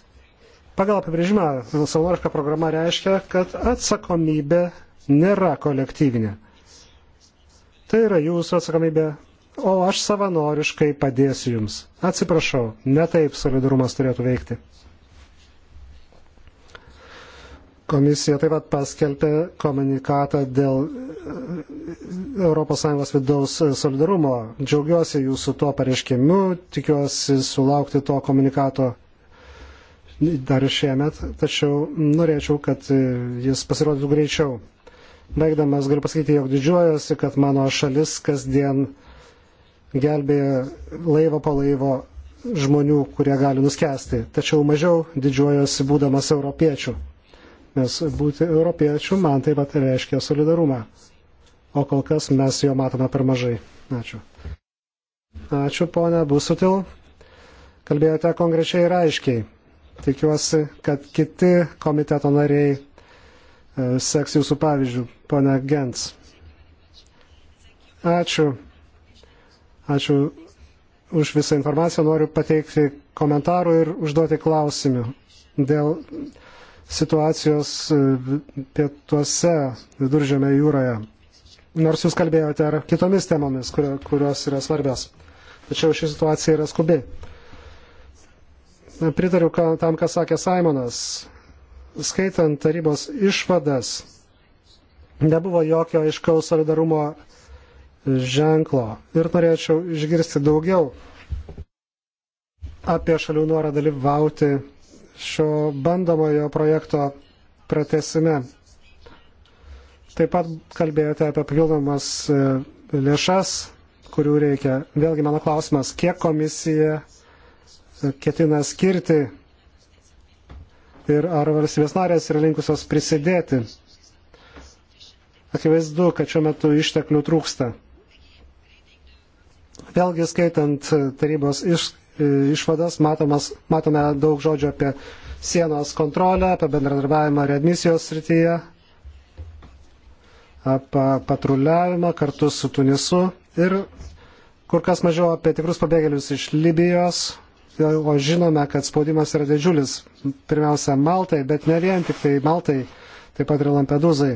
Pagal apibrėžimą savanoriška programa reiškia, kad atsakomybė nėra kolektyvinė. Tai yra jūsų atsakomybė, o aš savanoriškai padėsiu jums. Atsiprašau, netaip solidarumas turėtų veikti. Komisija taip pat paskelbė komunikatą dėl ES vidaus solidarumo. Džiaugiuosi jūsų tuo pareiškimu, tikiuosi sulaukti to komunikato dar šiemet, tačiau norėčiau, kad e, jis pasirodytų greičiau. Baigdamas galiu pasakyti, jog didžiuojasi, kad mano šalis kasdien gelbėja laivą po laivo žmonių, kurie gali nuskesti, tačiau mažiau didžiuojasi būdamas europiečių nes būti europiečių man taip pat reiškia solidarumą. O kol kas mes jo matome per mažai. Ačiū. Ačiū, ponia Busutil. Kalbėjote konkrečiai ir aiškiai. Tikiuosi, kad kiti komiteto nariai e, seks jūsų pavyzdžių, ponia Gens. Ačiū. Ačiū už visą informaciją. Noriu pateikti komentarų ir užduoti klausimų dėl situacijos e, pietuose viduržėme jūroje. Nors jūs kalbėjote ar kitomis temomis, kurios yra svarbios. Tačiau ši situacija yra skubi. Pritariu tam, ką sakė Simonas. Skaitant tarybos išvadas, nebuvo jokio aiškaus solidarumo ženklo. Ir norėčiau išgirsti daugiau apie šalių norą dalyvauti šio bandomojo projekto pratesime. Taip pat kalbėjote apie papildomas e, lėšas, kurių reikia. Vėlgi mano klausimas, kiek komisija e, ketina skirti ir ar valstybės narės yra linkusios prisidėti. Akivaizdu, kad šiuo metu išteklių trūksta. Vėlgi skaitant e, tarybos iš, E, išvadas matomas, matome daug žodžių apie sienos kontrolę, apie bendradarbiavimą readmisijos srityje, apie patruliavimą kartu su Tunisu ir kur kas mažiau apie tikrus pabėgėlius iš Libijos, e, o žinome, kad spaudimas yra didžiulis, pirmiausia, Maltai, bet ne vien tik tai Maltai, taip pat ir Lampedūzai.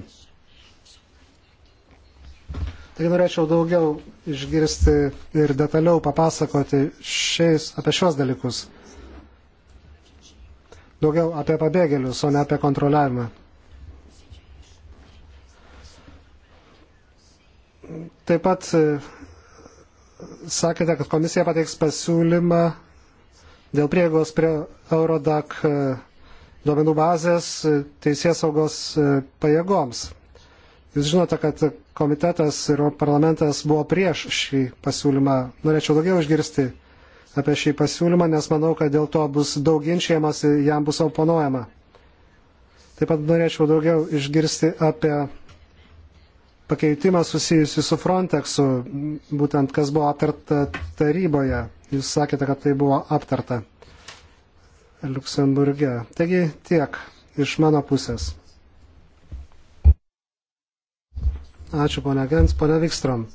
Taigi norėčiau daugiau išgirsti ir detaliau papasakoti šiais, apie šios dalykus. Daugiau apie pabėgėlius, o ne apie kontroliavimą. Taip pat e, sakėte, kad komisija pateiks pasiūlymą dėl prieigos prie Eurodac e, duomenų bazės e, teisės saugos pajėgoms. Jūs žinote, kad komitetas ir parlamentas buvo prieš šį pasiūlymą. Norėčiau daugiau išgirsti apie šį pasiūlymą, nes manau, kad dėl to bus daug ginčiamas ir jam bus oponuojama. Taip pat norėčiau daugiau išgirsti apie pakeitimą susijusi su Frontexu, būtent kas buvo aptarta taryboje. Jūs sakėte, kad tai buvo aptarta Luksemburge. Taigi tiek iš mano pusės. Ačiū, ponia Gens, ponia Vikstrom.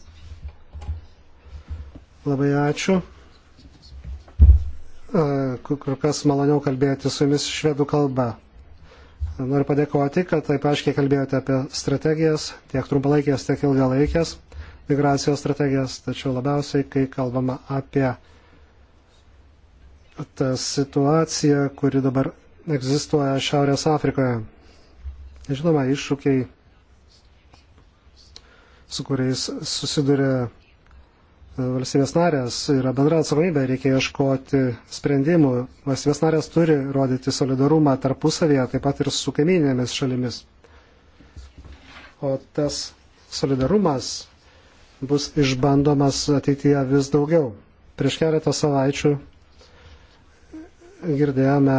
Labai ačiū. Kur kas maloniau kalbėti su jumis švedų kalba. Noriu padėkoti, kad taip aiškiai kalbėjote apie strategijas, tiek trumpalaikės, tiek ilgalaikės migracijos strategijas, tačiau labiausiai, kai kalbama apie tą situaciją, kuri dabar egzistuoja Šiaurės Afrikoje. Žinoma, iššūkiai su kuriais susiduria e, valstybės narės, yra bendra atsakomybė, reikia ieškoti sprendimų. Valstybės narės turi rodyti solidarumą tarpusavėje, taip pat ir su kaiminėmis šalimis. O tas solidarumas bus išbandomas ateityje vis daugiau. Prieš keletą savaičių girdėjome,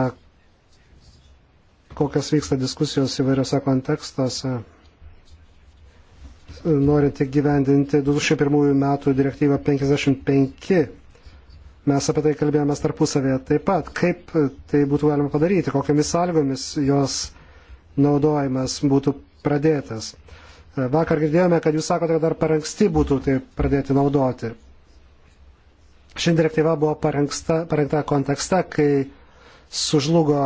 kokias vyksta diskusijos įvairiose kontekstuose norint gyvendinti 2001 metų direktyvą 55. Mes apie tai kalbėjomės tarpusavėje taip pat, kaip tai būtų galima padaryti, kokiamis sąlygomis jos naudojimas būtų pradėtas. Vakar girdėjome, kad jūs sakote, kad dar per anksti būtų tai pradėti naudoti. Ši direktyva buvo parengsta, parengta kontekste, kai sužlugo,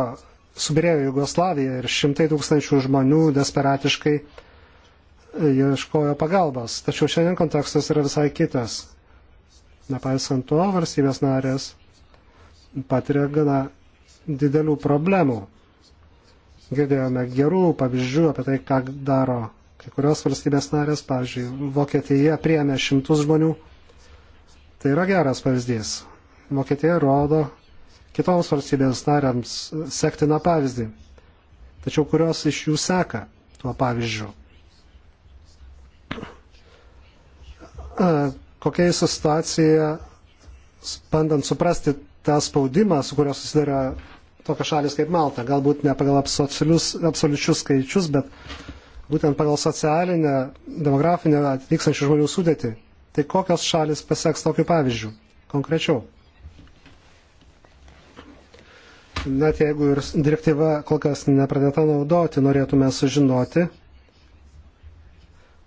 subirėjo Jugoslavija ir šimtai tūkstančių žmonių desperatiškai uh, ieškojo pagalbos. Tačiau šiandien kontekstas yra visai kitas. Nepaisant to, valstybės narės patiria gana didelių problemų. Girdėjome gerų pavyzdžių apie tai, ką daro kai kurios valstybės narės, pavyzdžiui, Vokietija priemė šimtus žmonių. Tai yra geras pavyzdys. Vokietija rodo kitoms valstybės narėms sektiną pavyzdį. Tačiau kurios iš jų seka tuo pavyzdžiu. kokia jūsų situacija, bandant suprasti tą spaudimą, su kurio susidarė tokia šalis kaip Malta. Galbūt ne pagal absoliučius skaičius, bet būtent pagal socialinę, demografinę atvykstančių žmonių sudėtį. Tai kokios šalis paseks tokiu pavyzdžiu konkrečiau? Net jeigu ir direktyva kol kas nepradėta naudoti, norėtume sužinoti,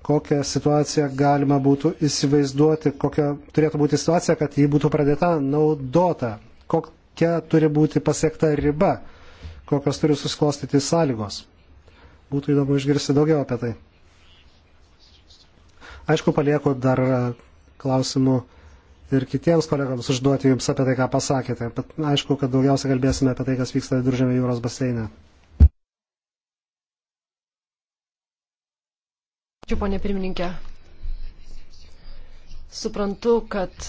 kokią situaciją galima būtų įsivaizduoti, kokia turėtų būti situacija, kad ji būtų pradėta naudota, kokia turi būti pasiekta riba, kokios turi susiklostyti sąlygos. Būtų įdomu išgirsti daugiau apie tai. Aišku, palieku dar klausimų ir kitiems kolegams užduoti jums apie tai, ką pasakėte, bet aišku, kad daugiausia kalbėsime apie tai, kas vyksta Viduržėmio jūros baseine. Ačiū, ponė pirmininkė. Suprantu, kad,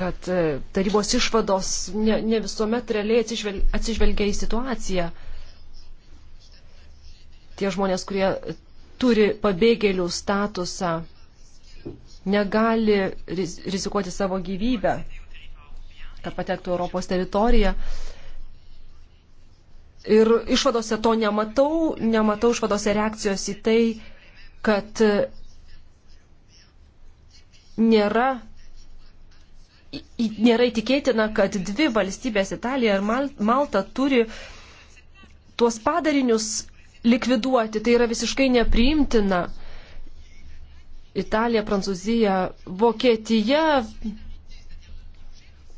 kad e, tarybos išvados ne, ne visuomet realiai atsižvel, atsižvelgia į situaciją. Tie žmonės, kurie turi pabėgėlių statusą, negali rizikuoti savo gyvybę, kad patektų Europos teritoriją. Ir išvadose to nematau, nematau išvadose reakcijos į tai, kad nėra, nėra įtikėtina, kad dvi valstybės Italija ir Malta turi tuos padarinius likviduoti. Tai yra visiškai nepriimtina. Italija, Prancūzija, Vokietija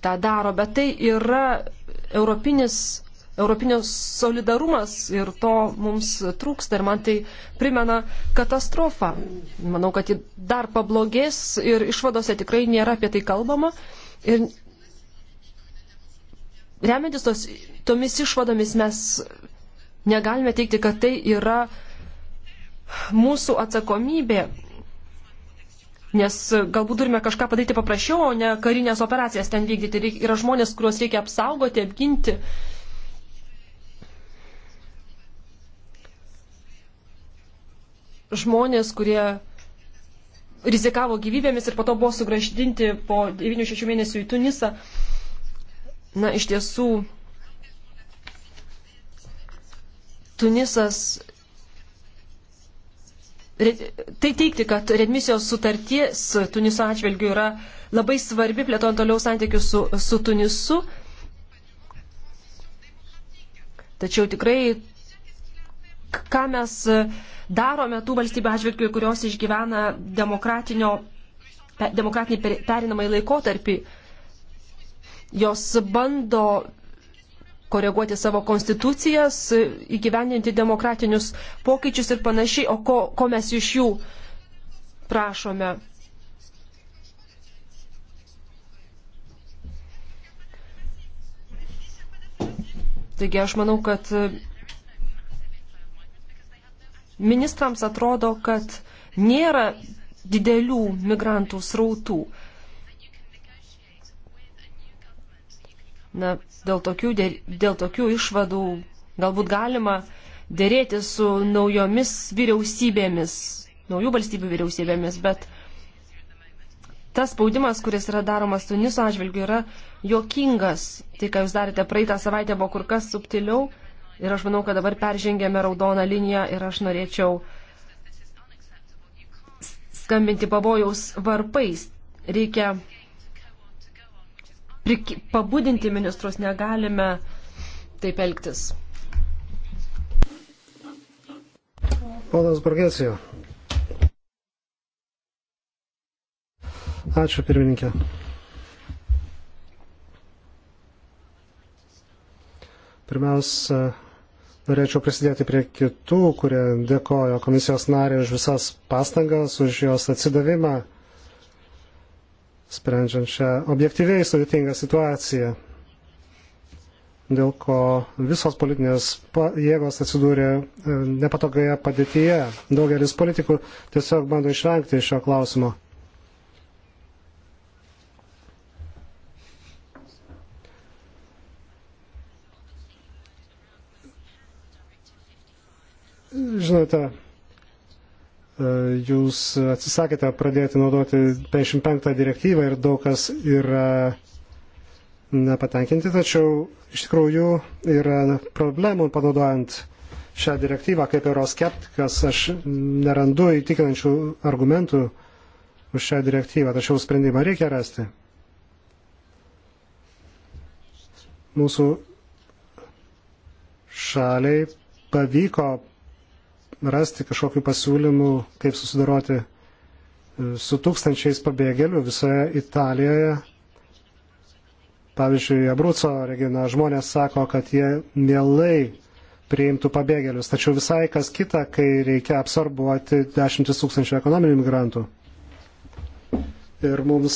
tą daro, bet tai yra europinis Europinio solidarumas ir to mums trūksta ir man tai primena katastrofą. Manau, kad ji dar pablogės ir išvadose tikrai nėra apie tai kalbama. Ir remiantis tos, tomis išvadomis mes negalime teikti, kad tai yra mūsų atsakomybė Nes galbūt turime kažką padaryti paprasčiau, o ne karinės operacijas ten vykdyti. Yra žmonės, kuriuos reikia apsaugoti, apginti. žmonės, kurie rizikavo gyvybėmis ir po to buvo sugraždinti po 9-6 mėnesių į Tunisą. Na, iš tiesų, Tunisas. Tai teikti, kad redmisijos sutarties Tuniso atžvilgių yra labai svarbi plėtojant toliau santykius su, su Tunisu. Tačiau tikrai ką mes e, darome tų valstybių atžvilgių, kurios išgyvena demokratinį perinamąjį laikotarpį. Jos bando koreguoti savo konstitucijas, įgyvendinti demokratinius pokyčius ir panašiai, o ko, ko mes iš jų prašome. Taigi aš manau, kad ministrams atrodo, kad nėra didelių migrantų srautų. Na, dėl tokių, dėl tokių išvadų galbūt galima dėrėti su naujomis vyriausybėmis, naujų valstybių vyriausybėmis, bet tas spaudimas, kuris yra daromas Tuniso atžvilgiu, yra jokingas. Tai, ką jūs darėte praeitą savaitę, buvo kur kas subtiliau Ir aš manau, kad dabar peržengėme raudoną liniją ir aš norėčiau skambinti pavojaus varpais. Reikia pabudinti ministrus, negalime taip elgtis. Ponas Borgesijo. Ačiū pirmininkė. Pirmiausia, Norėčiau prisidėti prie kitų, kurie dėkojo komisijos nariai už visas pastangas, už jos atsidavimą, sprendžiant šią objektyviai sudėtingą situaciją, dėl ko visos politinės jėgos atsidūrė e, nepatogioje padėtyje. Daugelis politikų tiesiog bando išvengti šio klausimo. žinote, e, jūs atsisakėte pradėti naudoti 55 direktyvą ir daug kas yra nepatenkinti, tačiau iš tikrųjų yra problemų panaudojant šią direktyvą kaip euroskeptikas. Aš nerandu įtikinančių argumentų už šią direktyvą, tačiau sprendimą reikia rasti. Mūsų šaliai pavyko rasti kažkokių pasiūlymų, kaip susidoroti e, su tūkstančiais pabėgėlių visoje Italijoje. Pavyzdžiui, Abruco regiono žmonės sako, kad jie mielai priimtų pabėgėlius, tačiau visai kas kita, kai reikia absorbuoti dešimtis tūkstančių ekonominių migrantų. Ir mums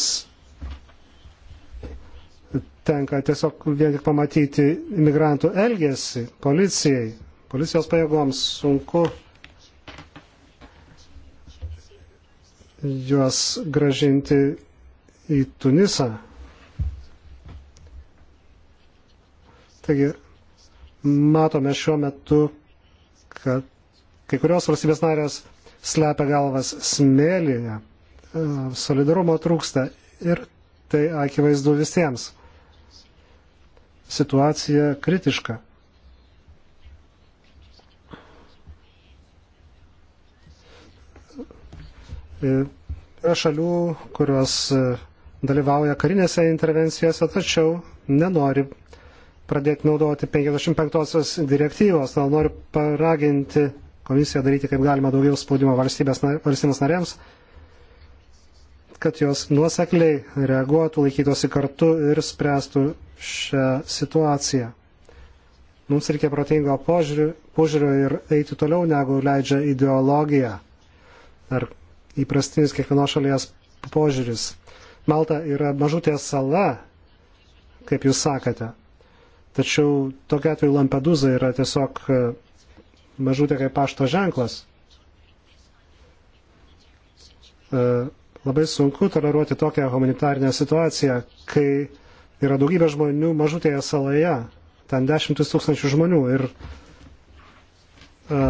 tenka tiesiog vien tik pamatyti imigrantų elgesį policijai, policijos pajėgoms sunku juos gražinti į Tunisą. Taigi, matome šiuo metu, kad kai kurios valstybės narės slepia galvas smėlyje, solidarumo trūksta ir tai akivaizdu visiems. Situacija kritiška. Yra šalių, kurios e, dalyvauja karinėse intervencijose, tačiau nenori pradėti naudoti 55-osios direktyvos, todėl noriu paraginti komisiją daryti kaip galima daugiau spaudimo valstybės, valstybės narėms, kad jos nuosekliai reaguotų, laikytųsi kartu ir spręstų šią situaciją. Mums reikia protingo požiūrio, požiūrio ir eiti toliau, negu leidžia ideologija ar įprastinis kiekvienos šalies požiūris. Malta yra mažutė sala, kaip jūs sakate. Tačiau tokia atveju Lampedusa yra tiesiog e, mažutė kaip pašto ženklas. E, labai sunku toleruoti tokią humanitarinę situaciją, kai yra daugybė žmonių mažutėje saloje, ten dešimtis tūkstančių žmonių ir e,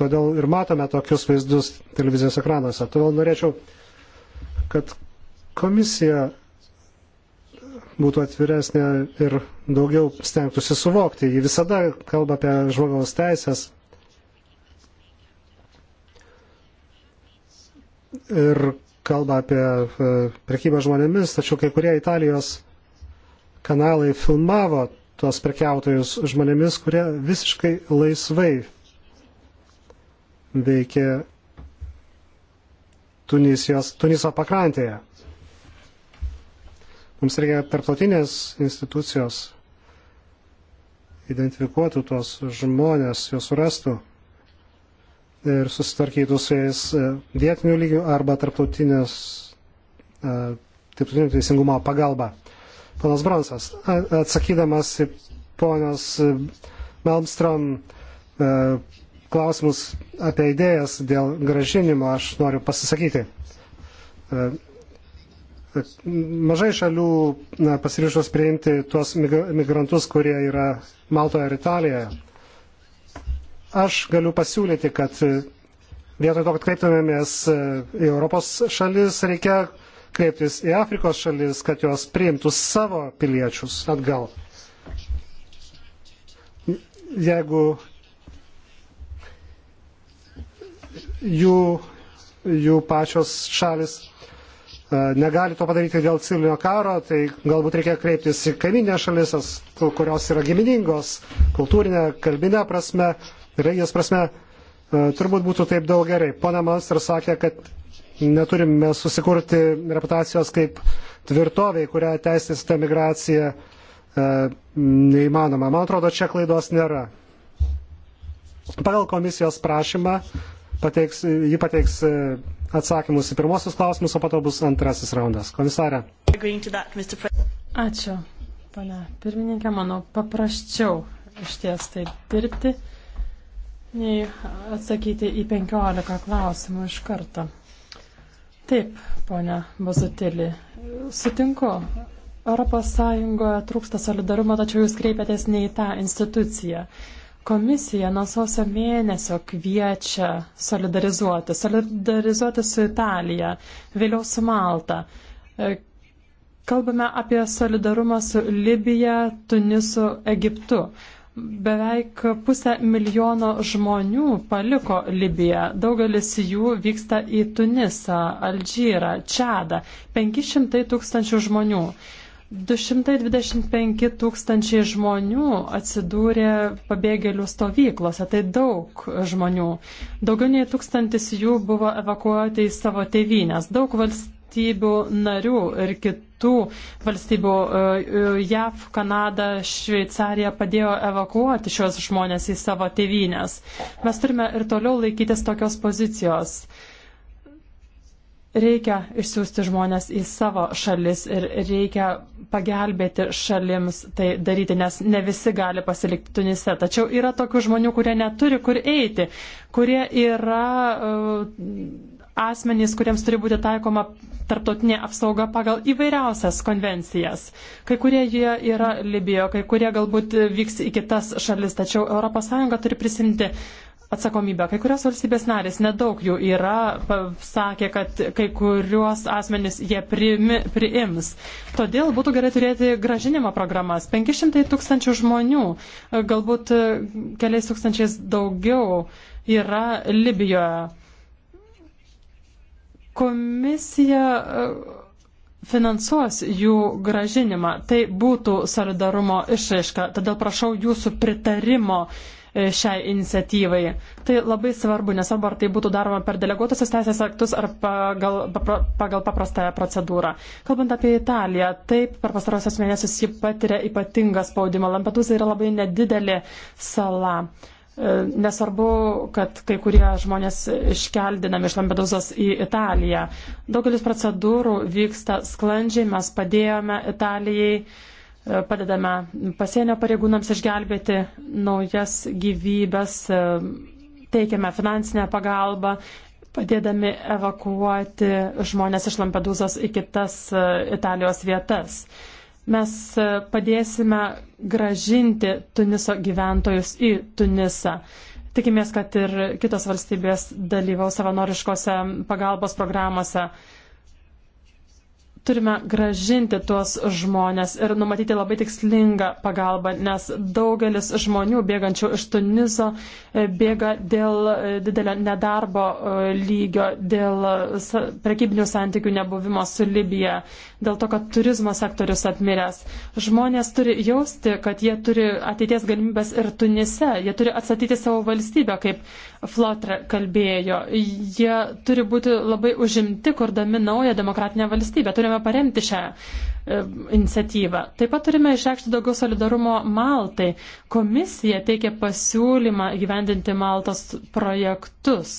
Todėl ir matome tokius vaizdus televizijos ekranuose. Todėl norėčiau, kad komisija būtų atviresnė ir daugiau stengtųsi suvokti. Ji visada kalba apie žmogaus teisės. Ir kalba apie e, prekybą žmonėmis, tačiau kai kurie Italijos kanalai filmavo tuos prekiautojus žmonėmis, kurie visiškai laisvai veikė Tunisijos, Tuniso pakrantėje. Mums reikia tarptautinės institucijos identifikuotų tuos žmonės, juos surastų ir susitvarkytų su jais e, vietinių lygių arba tarptautinės, e, tarptautinio teisingumo pagalba. Ponas Bronsas, atsakydamas į ponios e, Melmstrom klausimus apie idėjas dėl gražinimo aš noriu pasisakyti. E, mažai šalių na, pasiryžus priimti tuos migrantus, kurie yra Maltoje ar Italijoje. Aš galiu pasiūlyti, kad vietoj to, kad kreiptumėmės e, į Europos šalis, reikia kreiptis į Afrikos šalis, kad jos priimtų savo piliečius atgal jeigu jų, jų pačios šalis e, negali to padaryti dėl civilinio karo, tai galbūt reikia kreiptis į kaiminę šalis, kurios yra giminingos kultūrinė, kalbinė prasme, religijos prasme. E, turbūt būtų taip daug gerai. Pone Monster sakė, kad neturime susikurti reputacijos kaip tvirtoviai, kurią teisėsita migracija e, neįmanoma. Man atrodo, čia klaidos nėra. Pagal komisijos prašymą pateiks, ji pateiks e, atsakymus į pirmosius klausimus, o po to bus antrasis raundas. Komisarė. Ačiū, pane pirmininkė, manau, paprasčiau iš ties taip dirbti, nei atsakyti į 15 klausimų iš karto. Taip, ponia Bazutėlį, sutinku. Europos Sąjungoje trūksta solidarumo, tačiau jūs kreipiatės ne į tą instituciją. Uh, Komisija nuo sausio mėnesio kviečia solidarizuoti, solidarizuoti su Italija, vėliau su Malta. E, kalbame apie solidarumą su Libija, Tunisu, Egiptu. Beveik pusę milijono žmonių paliko Libiją. Daugelis jų vyksta į Tunisą, Alžyrą, Čadą. 500 tūkstančių žmonių. 225 tūkstančiai žmonių atsidūrė pabėgėlių stovyklose, tai daug žmonių. Daugiau nei tūkstantis jų buvo evakuoti į savo tėvynės. Daug valstybių narių ir kitų valstybių e, e, JAV, Kanada, Šveicarija padėjo evakuoti šios žmonės į savo tėvynės. Mes turime ir toliau laikytis tokios pozicijos. Reikia išsiųsti žmonės į savo šalis ir reikia pagelbėti šalims tai daryti, nes ne visi gali pasilikti Tunise. Tačiau yra tokių žmonių, kurie neturi kur eiti, kurie yra uh, asmenys, kuriems turi būti taikoma tarptautinė apsauga pagal įvairiausias konvencijas. Kai kurie jie yra Libijoje, kai kurie galbūt vyks į kitas šalis, tačiau ES turi prisimti atsakomybę. Kai kurios valstybės narės, nedaug jų yra, sakė, kad kai kuriuos asmenys jie priimi, priims. Todėl būtų gerai turėti gražinimo programas. 500 tūkstančių žmonių, galbūt keliais tūkstančiais daugiau yra Libijoje. Komisija e, finansuos jų gražinimą. Tai būtų solidarumo išraiška. Todėl prašau jūsų pritarimo uh, E, šiai iniciatyvai. Tai labai svarbu, nesvarbu, ar tai būtų daroma per deleguotusios teisės aktus ar pagal, pagal paprastąją procedūrą. Kalbant apie Italiją, taip per pastarosios mėnesius ji patiria ypatingą spaudimą. Lampedusa yra labai nedidelė sala. E, nesvarbu, kad kai kurie žmonės iškeldinami iš Lampedusas į Italiją. Daugelis procedūrų vyksta sklandžiai, mes padėjome Italijai padedame pasienio pareigūnams išgelbėti naujas gyvybės, e, teikiame finansinę pagalbą, padėdami evakuoti žmonės iš Lampedūzos į kitas e, Italijos vietas. Mes e, padėsime gražinti Tuniso gyventojus į Tunisą. Tikimės, kad ir kitos valstybės dalyvaus savanoriškose pagalbos programuose turime gražinti tuos žmonės ir numatyti labai tikslingą pagalbą, nes daugelis žmonių bėgančių iš Tuniso e, bėga dėl e, didelio nedarbo e, lygio, dėl prekybinių santykių nebuvimo su Libija, dėl to, kad turizmo sektorius atmiręs. Žmonės turi jausti, kad jie turi ateities galimybės ir Tunise, jie turi atstatyti savo valstybę, kaip Flotre kalbėjo. Jie turi būti labai užimti, kurdami naują demokratinę valstybę. Turime galime paremti šią e, iniciatyvą. Taip pat turime išreikšti daugiau solidarumo Maltai. Komisija teikia pasiūlymą gyvendinti Maltos projektus.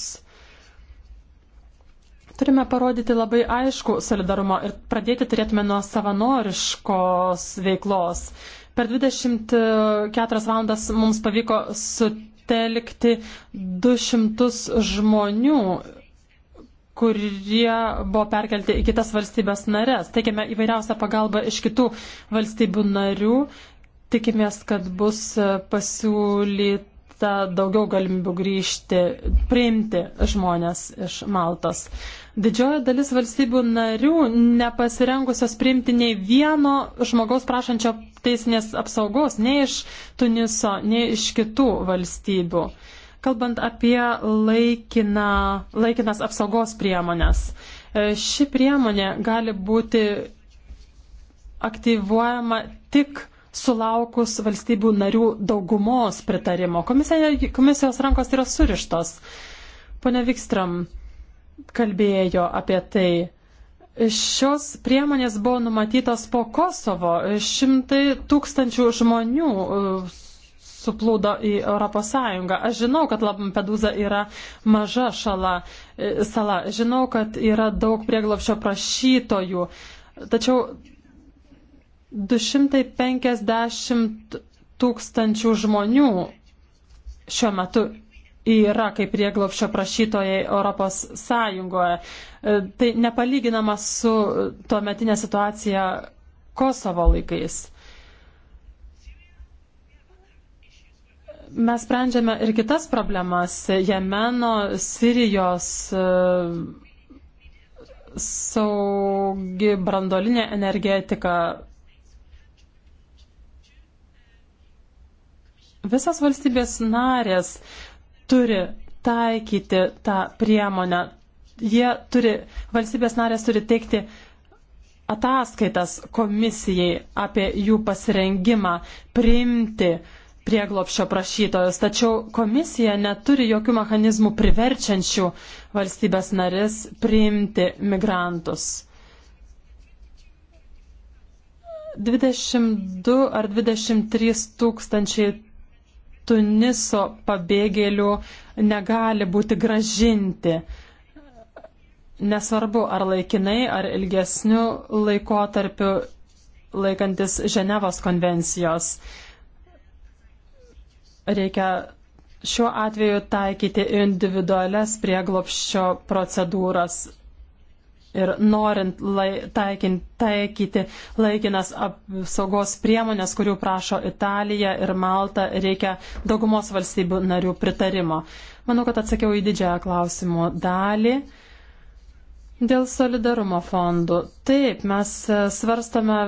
Turime parodyti labai aišku solidarumo ir pradėti turėtume nuo savanoriškos veiklos. Per 24 valandas mums pavyko sutelkti 200 žmonių kurie buvo perkelti į kitas valstybės narės. Teikėme įvairiausią pagalbą iš kitų valstybių narių. Tikimės, kad bus e, pasiūlyta daugiau galimybių grįžti, priimti žmonės iš Maltos. Didžioji dalis valstybių narių nepasirengusios priimti nei vieno žmogaus prašančio teisinės apsaugos, nei iš Tuniso, nei iš kitų valstybių. Kalbant apie laikina, laikinas apsaugos priemonės, e, ši priemonė gali būti aktyvuojama tik sulaukus valstybių narių daugumos pritarimo. Komisija, komisijos rankos yra surištos. Pone Vikstram kalbėjo apie tai. Šios priemonės buvo numatytos po Kosovo. Šimtai tūkstančių žmonių suplūdo į ES. Aš žinau, kad Lampedūza yra maža šala, e, sala. Žinau, kad yra daug prieglopšio prašytojų. Tačiau 250 tūkstančių žmonių šiuo metu yra kaip prieglopščio prašytojai Europos Sąjungoje. E, tai nepalyginama su tuometinė situacija Kosovo laikais. mes sprendžiame ir kitas problemas - Jemeno, Sirijos e, saugi brandolinė energetika. Visas valstybės narės turi taikyti tą priemonę. Jie turi, valstybės narės turi teikti ataskaitas komisijai apie jų pasirengimą priimti uh, prieglopšio prašytojus, tačiau komisija neturi jokių mechanizmų priverčiančių valstybės narės priimti migrantus. 22 ar 23 tūkstančiai Tuniso pabėgėlių negali būti gražinti. Nesvarbu, ar laikinai, ar ilgesniu laikotarpiu laikantis Ženevos konvencijos reikia šiuo atveju taikyti individualias prieglopščio procedūras ir norint lai, taikin, taikyti laikinas apsaugos priemonės, kurių prašo Italija ir Malta, reikia daugumos valstybių narių pritarimo. Manau, kad atsakiau į didžiąją klausimų dalį. Dėl solidarumo fondų. Taip, mes svarstame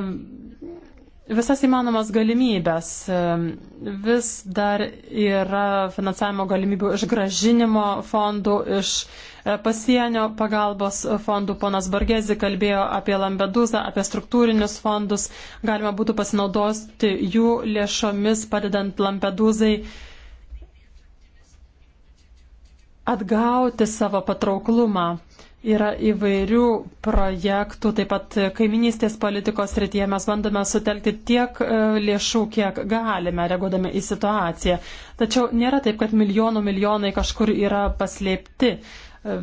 visas įmanomas galimybės. Vis dar yra finansavimo galimybių iš gražinimo fondų, iš e, pasienio pagalbos fondų. Ponas Bargezi kalbėjo apie Lampedusą, apie struktūrinius fondus. Galima būtų pasinaudoti jų lėšomis, padedant Lampedusai atgauti savo patrauklumą. Yra įvairių projektų, taip pat kaiminystės politikos rytyje mes bandome sutelkti tiek e, lėšų, kiek galime, reaguodami į situaciją. Tačiau nėra taip, kad milijonų milijonai kažkur yra paslėpti. E,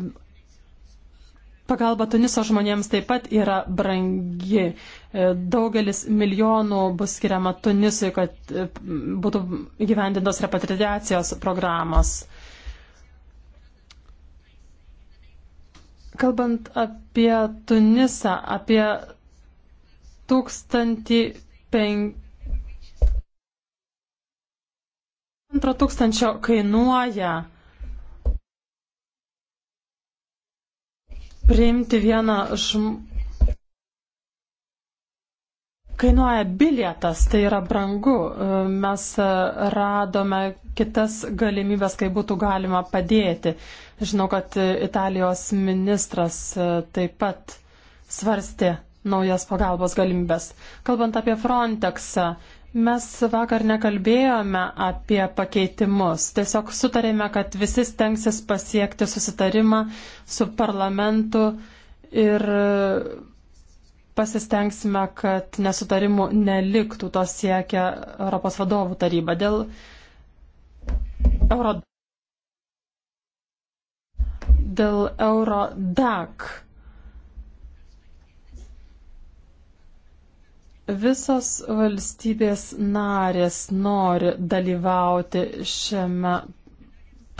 pagalba Tuniso žmonėms taip pat yra brangi. E, daugelis milijonų bus skiriama Tunisui, kad būtų gyvendintos repatriacijos programos. Kalbant apie Tunisą, apie 1005. Antro tūkstančio kainuoja priimti vieną žmogų. Kainuoja bilietas, tai yra brangu. Mes radome kitas galimybės, kai būtų galima padėti. Žinau, kad Italijos ministras e, taip pat svarstė naujas pagalbos galimybės. Kalbant apie Frontexą, e, mes vakar nekalbėjome apie pakeitimus. Tiesiog sutarėme, kad visi stengsis pasiekti susitarimą su parlamentu ir e, pasistengsime, kad nesutarimų neliktų, to siekia Europos vadovų taryba. Dėl Euro dėl Eurodac. Visos valstybės narės nori dalyvauti šiame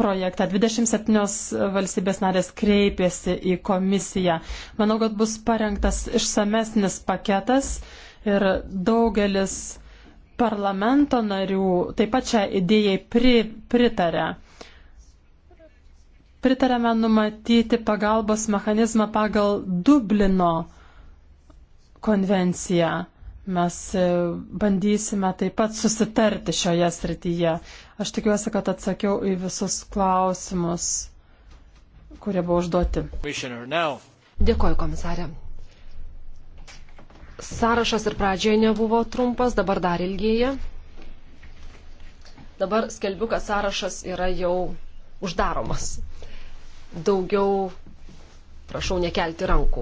projekte. 27 valstybės narės kreipėsi į komisiją. Manau, kad bus parengtas išsamesnis paketas ir daugelis parlamento narių taip pat šią idėją pri, pritarė pritarėme numatyti pagalbos mechanizmą pagal Dublino konvenciją. Mes e, bandysime taip pat susitarti šioje srityje. Aš tikiuosi, kad atsakiau į visus klausimus, kurie buvo užduoti. Dėkuoju, komisarė. Sąrašas ir pradžioje nebuvo trumpas, dabar dar ilgėja. Dabar skelbiu, kad sąrašas yra jau uždaromas daugiau prašau nekelti rankų.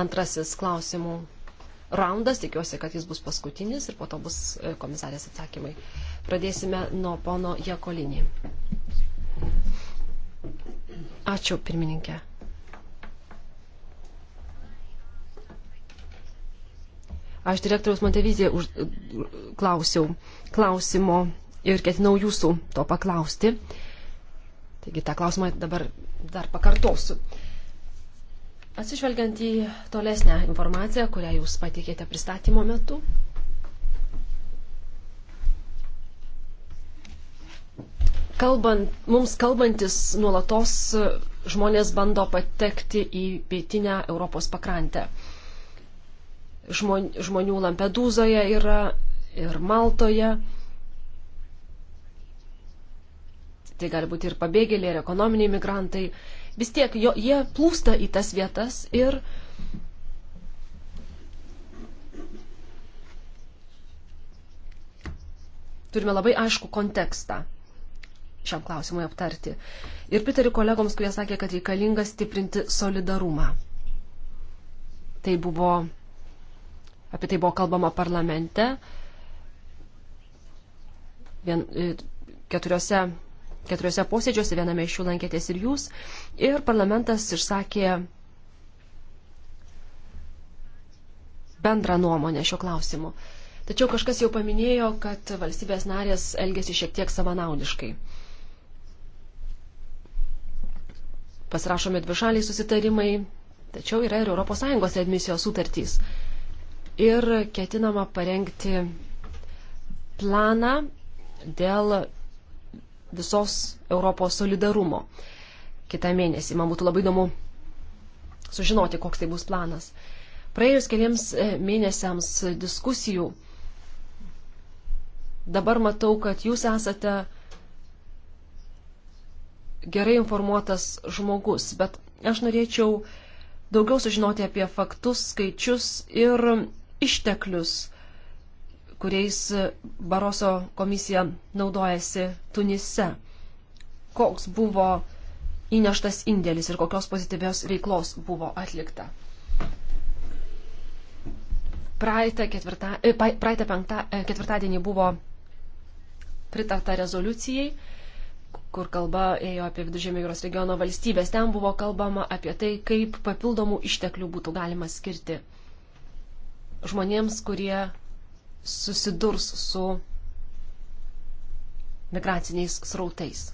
Antrasis klausimų raundas, tikiuosi, kad jis bus paskutinis ir po to bus e, komisarės atsakymai. Pradėsime nuo pono Jekolinį. Ačiū, pirmininkė. Aš direktoriaus Montevizija už, e, klausiau klausimo ir ketinau jūsų to paklausti. Uh, Taigi tą klausimą dabar dar pakartosiu. Atsižvelgiant į tolesnę informaciją, kurią jūs pateikėte pristatymo metu, kalbant, mums kalbantis nuolatos žmonės bando patekti į pietinę Europos pakrantę. Žmon, žmonių Lampedūzoje yra ir Maltoje. tai gali būti ir pabėgėliai, ir ekonominiai migrantai, vis tiek jo, jie plūsta į tas vietas ir turime labai aišku kontekstą šiam klausimui aptarti. Ir pritariu kolegoms, kurie sakė, kad reikalinga stiprinti solidarumą. Tai buvo, apie tai buvo kalbama parlamente, vien, e, keturiose keturiuose posėdžiuose, viename iš jų lankėtės ir jūs, ir parlamentas išsakė bendrą nuomonę šio klausimu. Tačiau kažkas jau paminėjo, kad valstybės narės elgesi šiek tiek savanaudiškai. Pasirašomi dvišaliai susitarimai, tačiau yra ir ES admisijos sutartys. Ir ketinama parengti planą dėl visos Europos solidarumo. Kita mėnesį. Man būtų labai įdomu sužinoti, koks tai bus planas. Praėjus keliams e, mėnesiams diskusijų, dabar matau, kad jūs esate gerai informuotas žmogus, bet aš norėčiau daugiau sužinoti apie faktus, skaičius ir išteklius kuriais Baroso komisija naudojasi Tunise. Koks buvo įneštas indėlis ir kokios pozityvios veiklos buvo atlikta. Praeitą, ketvirta, e, praeitą penktą, e, ketvirtadienį buvo pritarta rezoliucijai, kur kalba ėjo apie Vidužėmio jūros regiono valstybės. Ten buvo kalbama apie tai, kaip papildomų išteklių būtų galima skirti žmonėms, kurie susidurs su migraciniais srautais.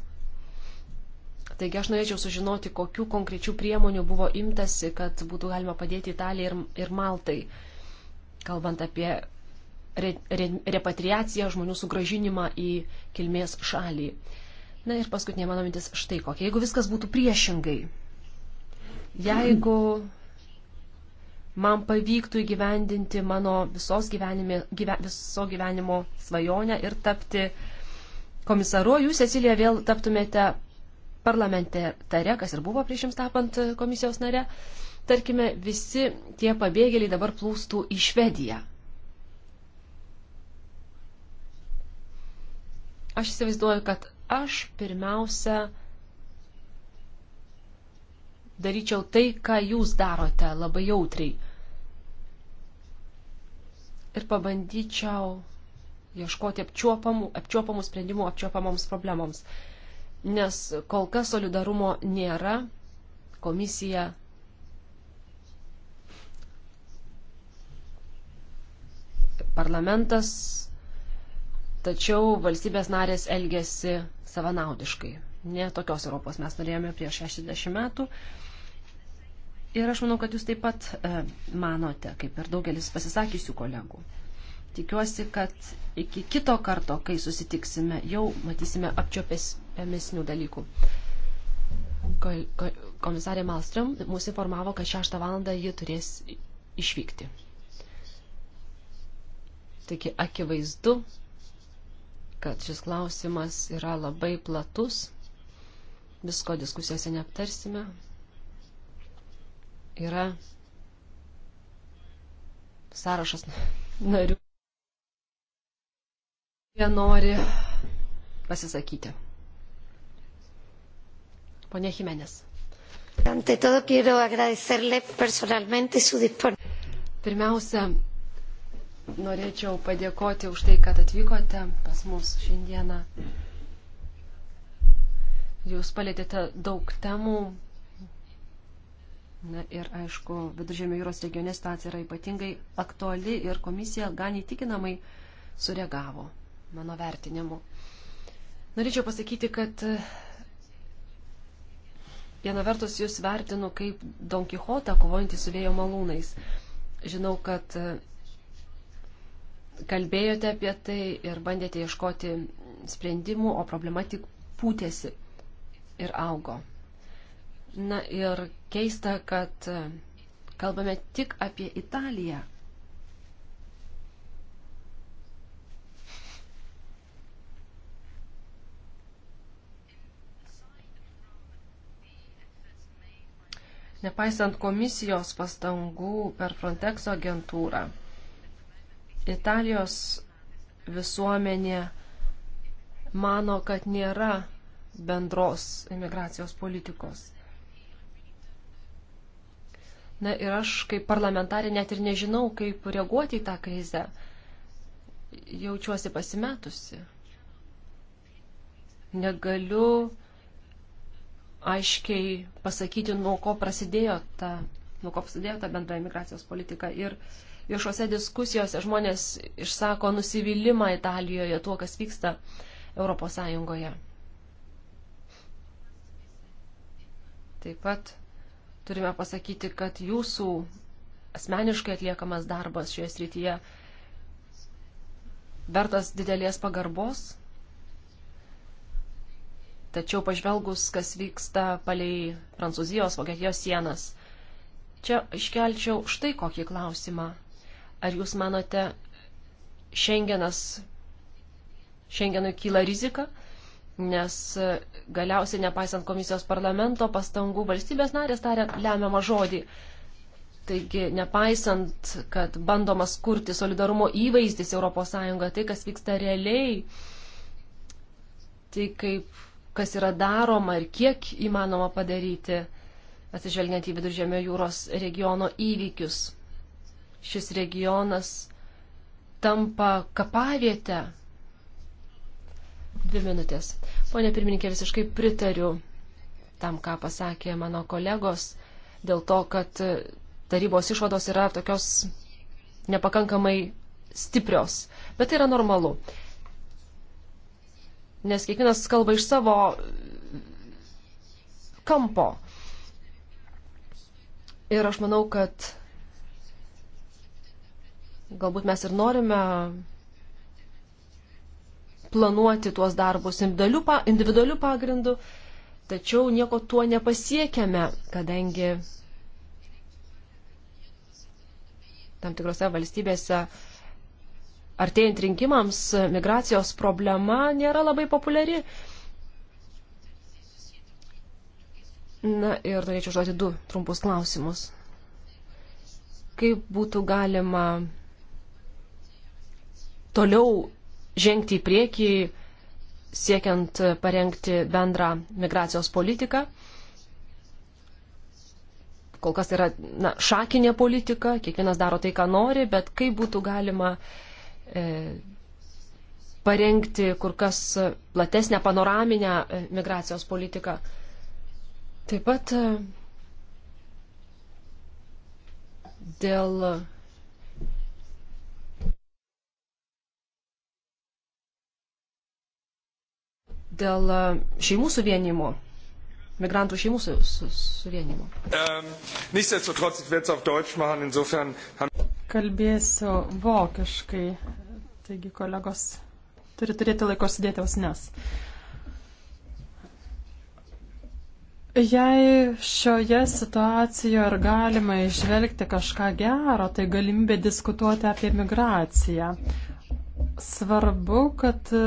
Taigi aš norėčiau sužinoti, kokiu konkrečiu priemoniu buvo imtasi, kad būtų galima padėti Italijai ir, ir Maltai, kalbant apie re, re, repatriaciją, žmonių sugražinimą į kilmės šalį. Na ir paskutinė mano mintis štai kokia. Jeigu viskas būtų priešingai, jeigu man pavyktų įgyvendinti mano visos gyvenime, gyve, viso gyvenimo svajonę ir tapti komisaru. Jūs, Cecilija, vėl taptumėte parlamentare, kas ir buvo prieš jums tapant komisijos nare. Tarkime, visi tie pabėgėliai dabar plūstų į Švediją. Aš įsivaizduoju, kad aš pirmiausia daryčiau tai, ką jūs darote labai jautriai ir pabandyčiau ieškoti apčiuopamų, apčiuopamų sprendimų apčiuopamoms problemoms. Nes kol kas solidarumo nėra, komisija parlamentas, tačiau valstybės narės elgesi savanaudiškai. Ne tokios Europos mes norėjome prieš 60 metų. Ir aš manau, kad jūs taip pat e, manote, kaip ir daugelis pasisakysių kolegų. Tikiuosi, kad iki kito karto, kai susitiksime, jau matysime apčiopėsnių dalykų. Komisarė Malstrom mūsų informavo, kad 6 valandą ji turės išvykti. Taigi akivaizdu, kad šis klausimas yra labai platus. Visko diskusijose neaptarsime, yra sąrašas narių, kurie nori pasisakyti. Pone Jimenez. Pirmiausia, norėčiau padėkoti už tai, kad atvykote pas mus šiandieną. Jūs palėtėte daug temų, Na ir aišku, Viduržėmio jūros regione situacija yra ypatingai aktuali ir komisija gan įtikinamai sureagavo mano vertinimu. Norėčiau pasakyti, kad viena vertus jūs vertinu kaip Don Quixotą kovojantį su vėjo malūnais. Žinau, kad kalbėjote apie tai ir bandėte ieškoti sprendimų, o problema tik pūtėsi ir augo. Na ir keista, kad e, kalbame tik apie Italiją. Nepaisant komisijos pastangų per Frontex agentūrą, Italijos visuomenė mano, kad nėra bendros imigracijos politikos. Na ir aš kaip parlamentarė net ir nežinau, kaip reaguoti į tą krizę. Jaučiuosi pasimetusi. Negaliu aiškiai pasakyti, nuo ko prasidėjo ta, nuo ko prasidėjo ta bendra imigracijos politika. Ir viešuose diskusijose žmonės išsako nusivylimą Italijoje tuo, kas vyksta Europos Sąjungoje. Taip pat turime pasakyti, kad jūsų asmeniškai atliekamas darbas šioje srityje vertas didelės pagarbos. Tačiau pažvelgus, kas vyksta palei Prancūzijos, Vokietijos sienas, čia iškelčiau štai kokį klausimą. Ar jūs manote, Šengenas, Šengenui kyla rizika? nes e, galiausiai, nepaisant komisijos parlamento pastangų, valstybės narės taria lemiamą žodį. Taigi, nepaisant, kad bandomas kurti solidarumo įvaizdis ES, tai, kas vyksta realiai, tai kaip, kas yra daroma ir kiek įmanoma padaryti, atsižvelgiant į Viduržėmio jūros regiono įvykius. Šis regionas tampa kapavietę Dvi minutės. Pone pirmininkė, visiškai pritariu tam, ką pasakė mano kolegos, dėl to, kad tarybos išvados yra tokios nepakankamai stiprios. Bet tai yra normalu. Nes kiekvienas kalba iš savo kampo. Ir aš manau, kad galbūt mes ir norime planuoti tuos darbus individualių pagrindų, tačiau nieko tuo nepasiekėme, kadangi tam tikrose valstybėse artėjant rinkimams migracijos problema nėra labai populiari. Na ir norėčiau žodžiu du trumpus klausimus. Kaip būtų galima toliau žengti į priekį, siekiant parengti bendrą migracijos politiką. Kol kas tai yra na, šakinė politika, kiekvienas daro tai, ką nori, bet kaip būtų galima e, parengti kur kas platesnę panoraminę e, migracijos politiką. Taip pat e, dėl dėl e, šeimų suvienimo, migrantų šeimų su, su, suvienimo. Ähm, Kalbėsiu vokiškai, taigi kolegos turi turėti laiko sudėti ausines. Jei šioje situacijoje ir galima išvelgti kažką gero, tai galimybė diskutuoti apie migraciją. Svarbu, kad e,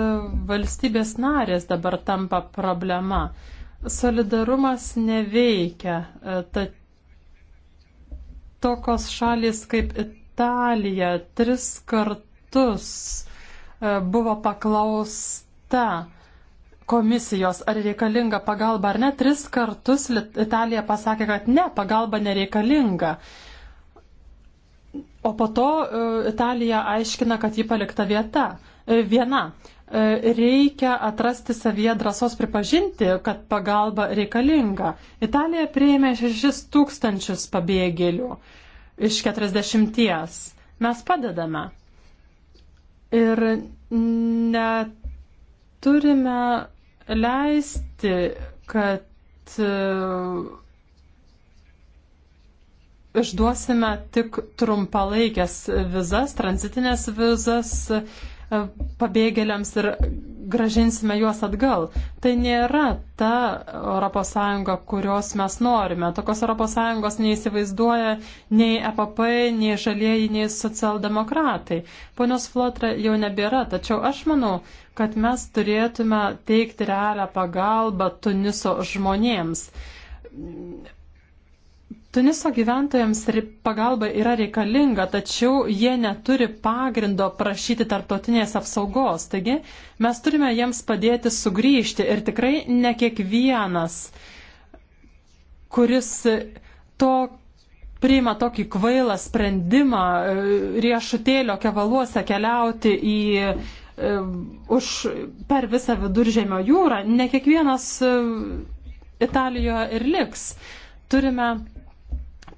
valstybės narės dabar tampa problema. Solidarumas neveikia. E, ta, tokios šalis kaip Italija tris kartus e, buvo paklausta komisijos, ar reikalinga pagalba ar ne. Tris kartus Italija pasakė, kad ne, pagalba nereikalinga. Uh, O po to e, Italija aiškina, kad ji palikta vieta. E, viena. E, reikia atrasti savyje drąsos pripažinti, kad pagalba reikalinga. Italija priėmė 6 tūkstančius pabėgėlių iš 40. Mes padedame. Ir neturime leisti, kad išduosime tik trumpalaikės vizas, tranzitinės vizas e, pabėgėliams ir gražinsime juos atgal. Tai nėra ta ES, kurios mes norime. Tokios ES neįsivaizduoja nei EPP, nei žalieji, nei socialdemokratai. Ponios Flotra jau nebėra, tačiau aš manau, kad mes turėtume teikti realią pagalbą Tuniso žmonėms. Tuniso gyventojams pagalba yra reikalinga, tačiau jie neturi pagrindo prašyti tarptautinės apsaugos. Taigi mes turime jiems padėti sugrįžti ir tikrai ne kiekvienas, kuris to priima tokį kvailą sprendimą e, riešutėlio kevaluose keliauti į, e, už, per visą viduržėmio jūrą, ne kiekvienas e, Italijoje ir liks. Turime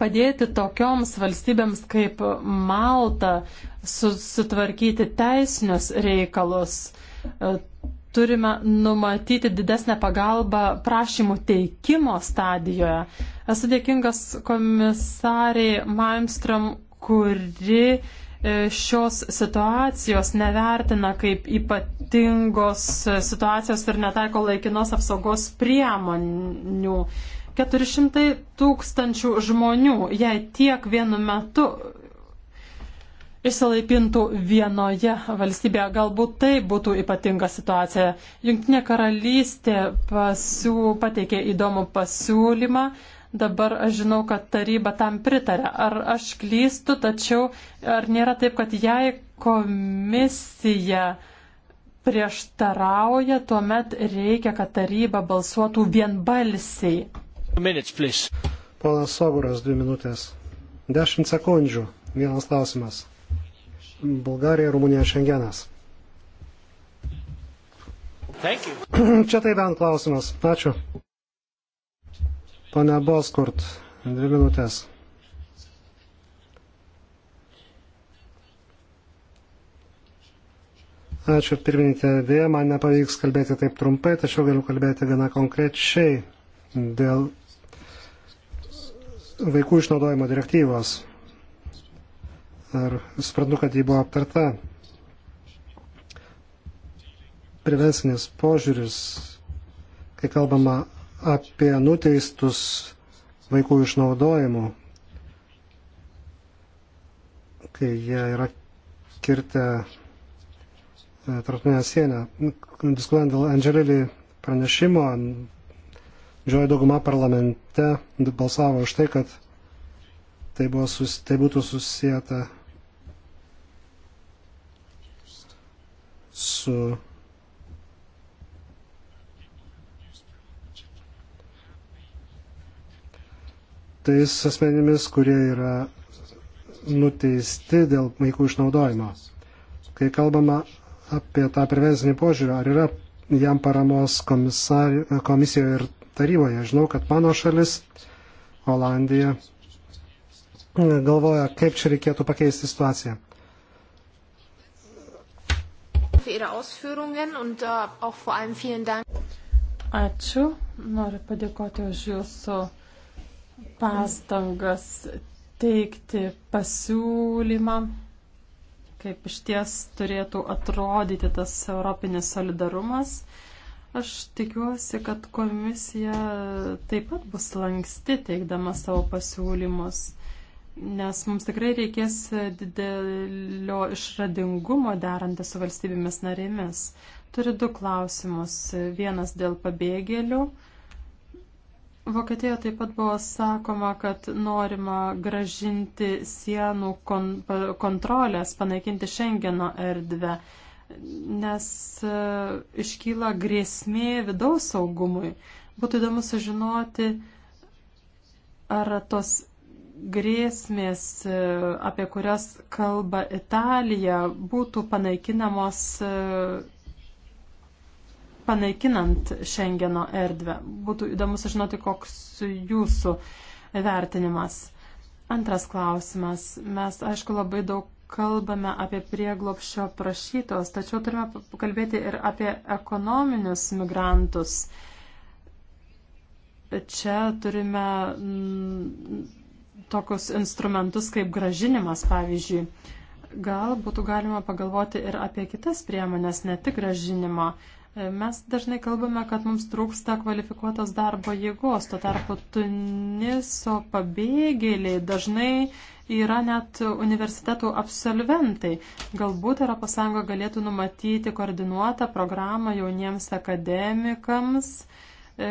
padėti tokioms valstybėms kaip Malta susitvarkyti teisinius reikalus. E, turime numatyti didesnę pagalbą prašymų teikimo stadijoje. Esu dėkingas komisariai Malmström, kuri e, šios situacijos nevertina kaip ypatingos situacijos ir netaiko laikinos apsaugos priemonių. 400 tūkstančių žmonių, jei tiek vienu metu išsilaipintų vienoje valstybėje. Galbūt tai būtų ypatinga situacija. Junktinė karalystė pasiū, pateikė įdomų pasiūlymą. Dabar aš žinau, kad taryba tam pritarė. Ar aš klystu, tačiau ar nėra taip, kad jei komisija prieštarauja, tuomet reikia, kad taryba balsuotų vienbalsiai. Minutes, Ponas Soburas, dvi minutės. Dešimt sekundžių. Vienas klausimas. Bulgarija, Rumunija, Šengenas. Čia tai bent klausimas. Ačiū. Pane Boskurt, dvi minutės. Ačiū pirmininkė, dėja, man nepavyks kalbėti taip trumpai, tačiau galiu kalbėti gana konkrečiai dėl vaikų išnaudojimo direktyvos. Ir suprantu, kad jį buvo aptarta. Prevencinis požiūris, kai kalbama apie nuteistus vaikų išnaudojimu, kai jie yra kirtę e, tarptautinę sieną. Diskutuojant dėl Angelili pranešimo, Džioji dauguma parlamente balsavo už tai, kad tai, sus, tai būtų susijęta su tais asmenimis, kurie yra nuteisti dėl vaikų išnaudojimo. Kai kalbama apie tą prevencinį požiūrį, ar yra jam paramos komisijoje ir taryboje. Žinau, kad mano šalis, Olandija, galvoja, kaip čia reikėtų pakeisti situaciją. Äh, Ačiū, noriu padėkoti už jūsų pastangas teikti pasiūlymą, kaip iš ties turėtų atrodyti tas europinis solidarumas. Aš tikiuosi, kad komisija taip pat bus lanksti teikdama savo pasiūlymus, nes mums tikrai reikės didelio išradingumo derantį su valstybėmis narėmis. Turiu du klausimus. Vienas dėl pabėgėlių. Vokietijoje taip pat buvo sakoma, kad norima gražinti sienų kon kontrolės, panaikinti Schengeno erdvę nes e, iškyla grėsmė vidaus saugumui. Būtų įdomu sužinoti, ar tos grėsmės, e, apie kurias kalba Italija, būtų panaikinamos e, panaikinant Šengeno erdvę. Būtų įdomu sužinoti, koks jūsų vertinimas. Antras klausimas. Mes, aišku, labai daug kalbame apie prieglopščio prašytos, tačiau turime kalbėti ir apie ekonominius migrantus. Čia turime m, mm, tokius instrumentus kaip gražinimas, pavyzdžiui. Gal būtų galima pagalvoti ir apie kitas priemonės, ne tik gražinimo. Mes dažnai kalbame, kad mums trūksta kvalifikuotos darbo jėgos, tuo tarpu Tuniso pabėgėliai dažnai uh, yra net universitetų absolventai. Galbūt ES galėtų numatyti koordinuotą programą jauniems akademikams, e,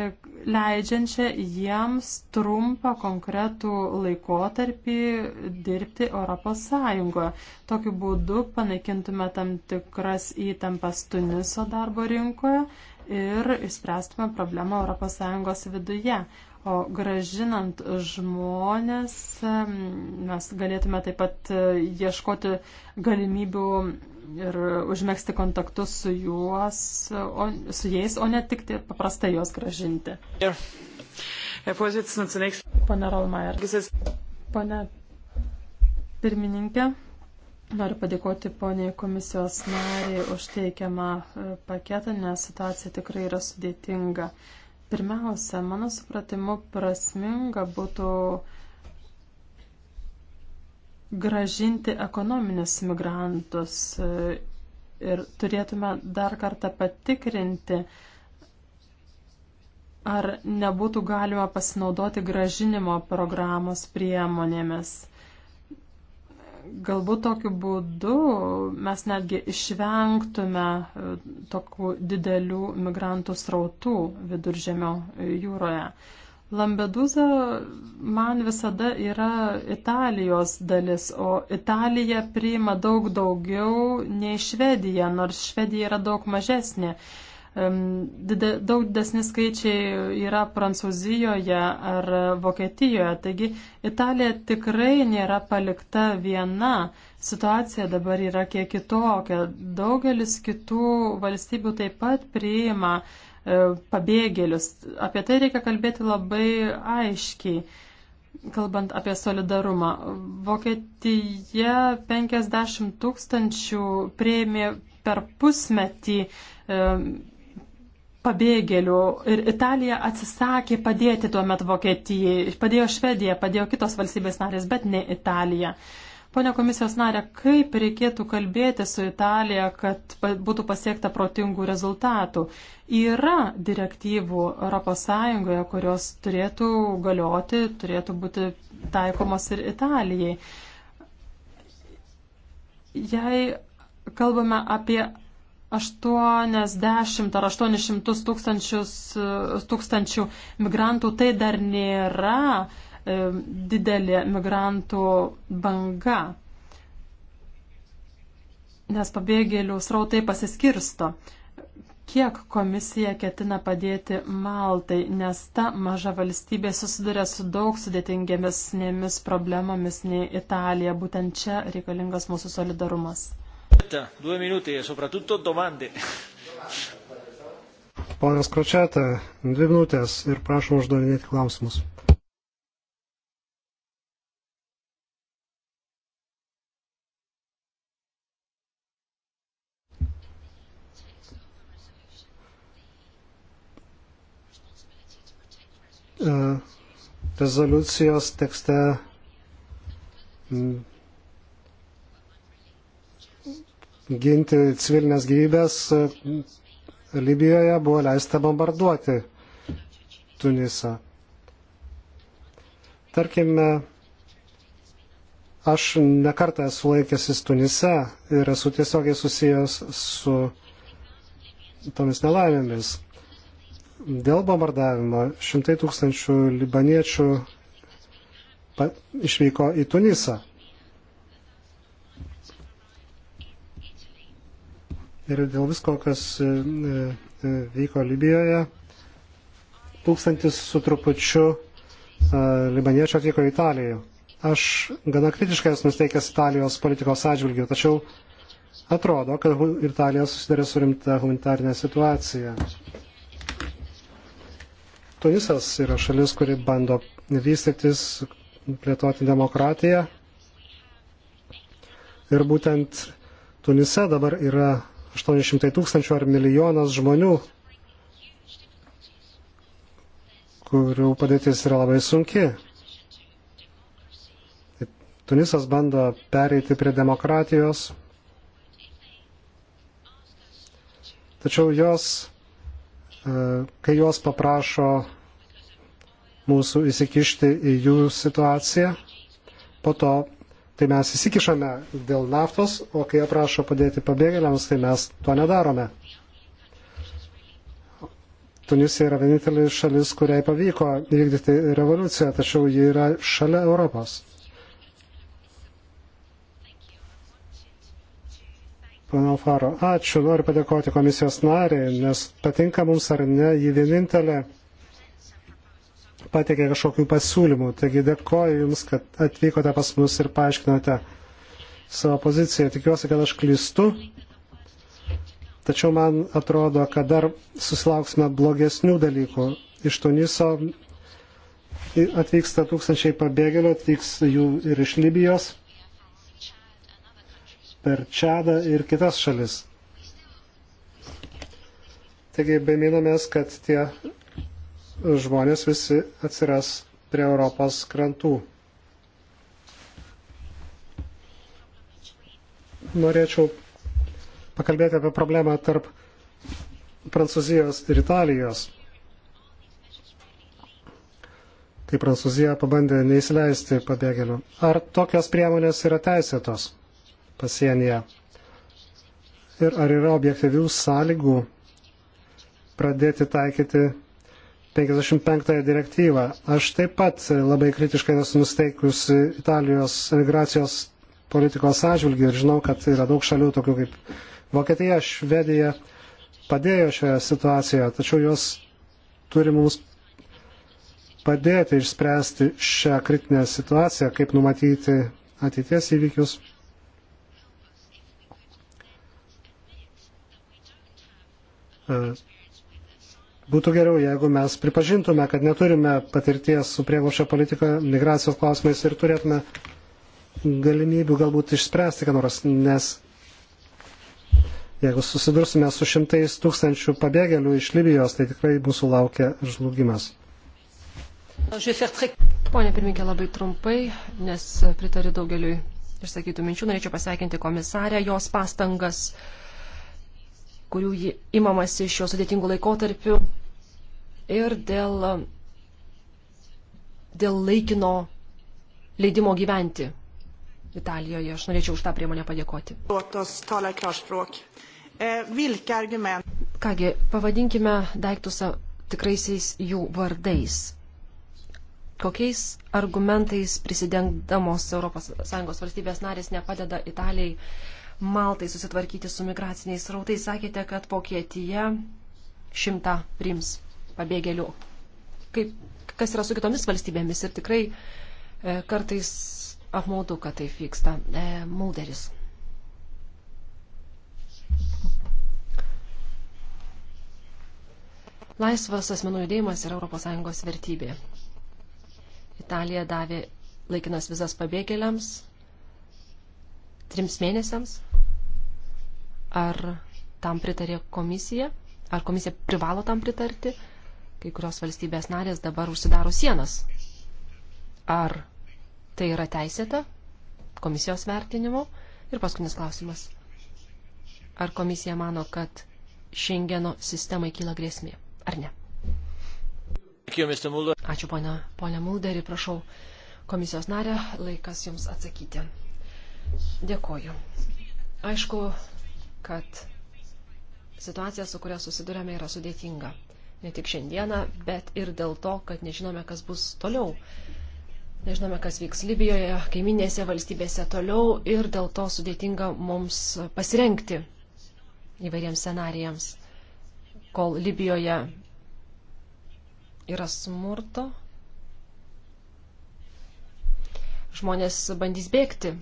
leidžiančią jiems trumpą konkretų laikotarpį dirbti ES. Tokiu būdu panaikintume tam tikras įtampas Tuniso darbo rinkoje ir išspręstume problemą ES viduje. O gražinant žmonės, mes galėtume taip pat e, ieškoti galimybių ir užmėgsti kontaktus su, juos, o, su jais, o ne tik tai paprastai juos gražinti. Pane Rolmajer. Pane pirmininkė, noriu padėkoti poniai komisijos nariai už teikiamą e, paketą, nes situacija tikrai yra sudėtinga. Pirmiausia, mano supratimu, prasminga būtų gražinti ekonominius migrantus e, ir turėtume dar kartą patikrinti, ar nebūtų galima pasinaudoti gražinimo programos priemonėmis. Galbūt tokiu būdu mes netgi išvengtume e, tokių didelių migrantų srautų viduržėmio e, jūroje. Lambedusa man visada yra Italijos dalis, o Italija priima daug daugiau nei Švedija, nors Švedija yra daug mažesnė. Daug didesni skaičiai yra Prancūzijoje ar Vokietijoje, taigi Italija tikrai nėra palikta viena. Situacija dabar yra kiek kitokia. Daugelis kitų valstybių taip pat priima e, pabėgėlius. Apie tai reikia kalbėti labai aiškiai. Kalbant apie solidarumą, Vokietija 50 tūkstančių prieimė per pusmetį pabėgėlių ir Italija atsisakė padėti tuo metu Vokietijai, padėjo Švedija, padėjo kitos valstybės narės, bet ne Italija. Pone komisijos narė, kaip reikėtų kalbėti su Italija, kad būtų pasiekta protingų rezultatų? Yra direktyvų ES, kurios turėtų galioti, turėtų būti taikomos ir Italijai. Jei kalbame apie 80 ar 800 tūkstančius, tūkstančių migrantų, tai dar nėra e, didelė migrantų banga, nes pabėgėlių srautai pasiskirsto. Kiek komisija ketina padėti Maltai, nes ta maža valstybė susiduria su daug sudėtingiamis problemomis nei Italija. Būtent čia reikalingas mūsų solidarumas. Due minutai, e soprattutto domande. Ponas Kročeta, dvi minutės ir prašom uždavinėti klausimus. E, rezoliucijos tekste ginti civilinės gyvybės e, Libijoje buvo leista bombarduoti Tunisą. Tarkime, aš nekartą esu laikęsis Tunise ir esu tiesiogiai susijęs su tomis nelaimėmis. Dėl bombardavimo šimtai tūkstančių libaniečių išvyko į Tunisą. ir dėl visko, kas e, e, vyko Libijoje. Tūkstantis su trupučiu e, libaniečių atvyko į Italiją. Aš gana kritiškai esu nusteikęs Italijos politikos atžvilgių, tačiau atrodo, kad Italija susidarė su rimta humanitarinė situacija. Tunisas yra šalis, kuri bando vystytis, plėtoti demokratiją. Ir būtent Tunise dabar yra 800 tūkstančių ar milijonas žmonių, kurių padėtis yra labai sunki. Tunisas bando pereiti prie demokratijos, tačiau jos, e, kai jos paprašo mūsų įsikišti į jų situaciją, po to tai mes įsikišame dėl naftos, o kai jie prašo padėti pabėgėliams, tai mes to nedarome. Tunisija yra vienintelė šalis, kuriai pavyko vykdyti revoliuciją, tačiau ji yra šalia Europos. Pana Faro, ačiū, noriu padėkoti komisijos nariai, nes patinka mums ar ne, ji vienintelė pateikė kažkokių pasiūlymų. Taigi dėkoju Jums, kad atvykote pas mus ir paaiškinote savo poziciją. Tikiuosi, kad aš klystu. Tačiau man atrodo, kad dar susilauksime blogesnių dalykų. Iš Tuniso atvyksta tūkstančiai pabėgėlių, atvyks jų ir iš Libijos per Čadą ir kitas šalis. Taigi baiminamės, kad tie žmonės visi atsiras prie Europos krantų. Norėčiau pakalbėti apie problemą tarp Prancūzijos ir Italijos. kai Prancūzija pabandė neįsileisti pabėgėlių. Ar tokios priemonės yra teisėtos pasienyje? Ir ar yra objektyvių sąlygų pradėti taikyti 55 direktyvą. Aš taip pat labai kritiškai esu nusteikus Italijos migracijos politikos atžvilgių ir žinau, kad yra daug šalių tokių kaip Vokietija, Švedija padėjo šioje situacijoje, tačiau jos turi mums padėti išspręsti šią kritinę situaciją, kaip numatyti ateities įvykius. Uh, Būtų geriau, jeigu mes pripažintume, kad neturime patirties su prieglaušio politika migracijos klausimais ir turėtume galimybių galbūt išspręsti, ką nors, nes jeigu susidursime su šimtais tūkstančių pabėgėlių iš Libijos, tai tikrai mūsų laukia žlugimas. Pone pirmininkė, labai trumpai, nes pritariu daugeliu išsakytų minčių, norėčiau pasveikinti komisarę, jos pastangas kurių įmamasi šiuo sudėtingu laikotarpiu ir dėl, dėl laikino leidimo gyventi Italijoje. Aš norėčiau už tą priemonę padėkoti. Kągi, pavadinkime daiktus tikraisiais jų vardais. Kokiais argumentais prisidengdamos ES valstybės narės nepadeda Italijai Maltai susitvarkyti su migraciniais rautais. Sakėte, kad Vokietija šimtą prims pabėgėlių. Kaip, kas yra su kitomis valstybėmis ir tikrai e, kartais apmaudu, kad tai vyksta. E, Mulderis. Laisvas asmenų judėjimas yra ES vertybė. Italija davė laikinas vizas pabėgėliams trims mėnesiams Ar tam pritarė komisija? Ar komisija privalo tam pritarti? Kai kurios valstybės narės dabar užsidaro sienas. Ar tai yra teisėta komisijos vertinimu? Ir paskutinis klausimas. Ar komisija mano, kad Šengeno sistemai kyla grėsmė, ar ne? Ačiū, ponia, ponia Mulderi, prašau komisijos narę, laikas jums atsakyti. Dėkoju. Aišku, kad situacija, su kuria susidurėme, yra sudėtinga. Ne tik šiandieną, bet ir dėl to, kad nežinome, kas bus toliau. Nežinome, kas vyks Libijoje, kaiminėse valstybėse toliau ir dėl to sudėtinga mums pasirenkti įvairiems scenarijams. Kol Libijoje yra smurto, žmonės bandys bėgti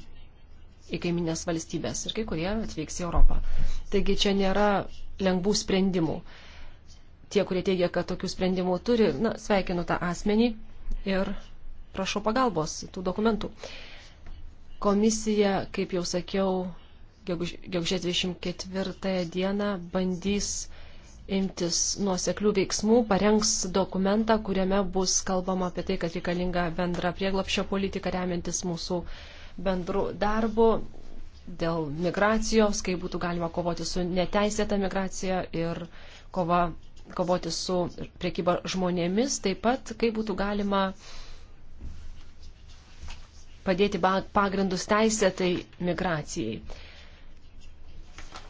į kaiminės valstybės ir kai kurie atvyks į Europą. Taigi čia nėra lengvų sprendimų. Tie, kurie teigia, kad tokių sprendimų turi, na, sveikinu tą asmenį ir prašau pagalbos tų dokumentų. Komisija, kaip jau sakiau, gegužės 24 dieną bandys imtis nuoseklių veiksmų, parengs dokumentą, kuriame bus kalbama apie tai, kad reikalinga bendra prieglapšio politika remiantis mūsų uh, bendru darbu dėl migracijos, kaip būtų galima kovoti su neteisėta migracija ir kova, kovoti su priekyba žmonėmis, taip pat kaip būtų galima padėti pagrindus teisėtai migracijai.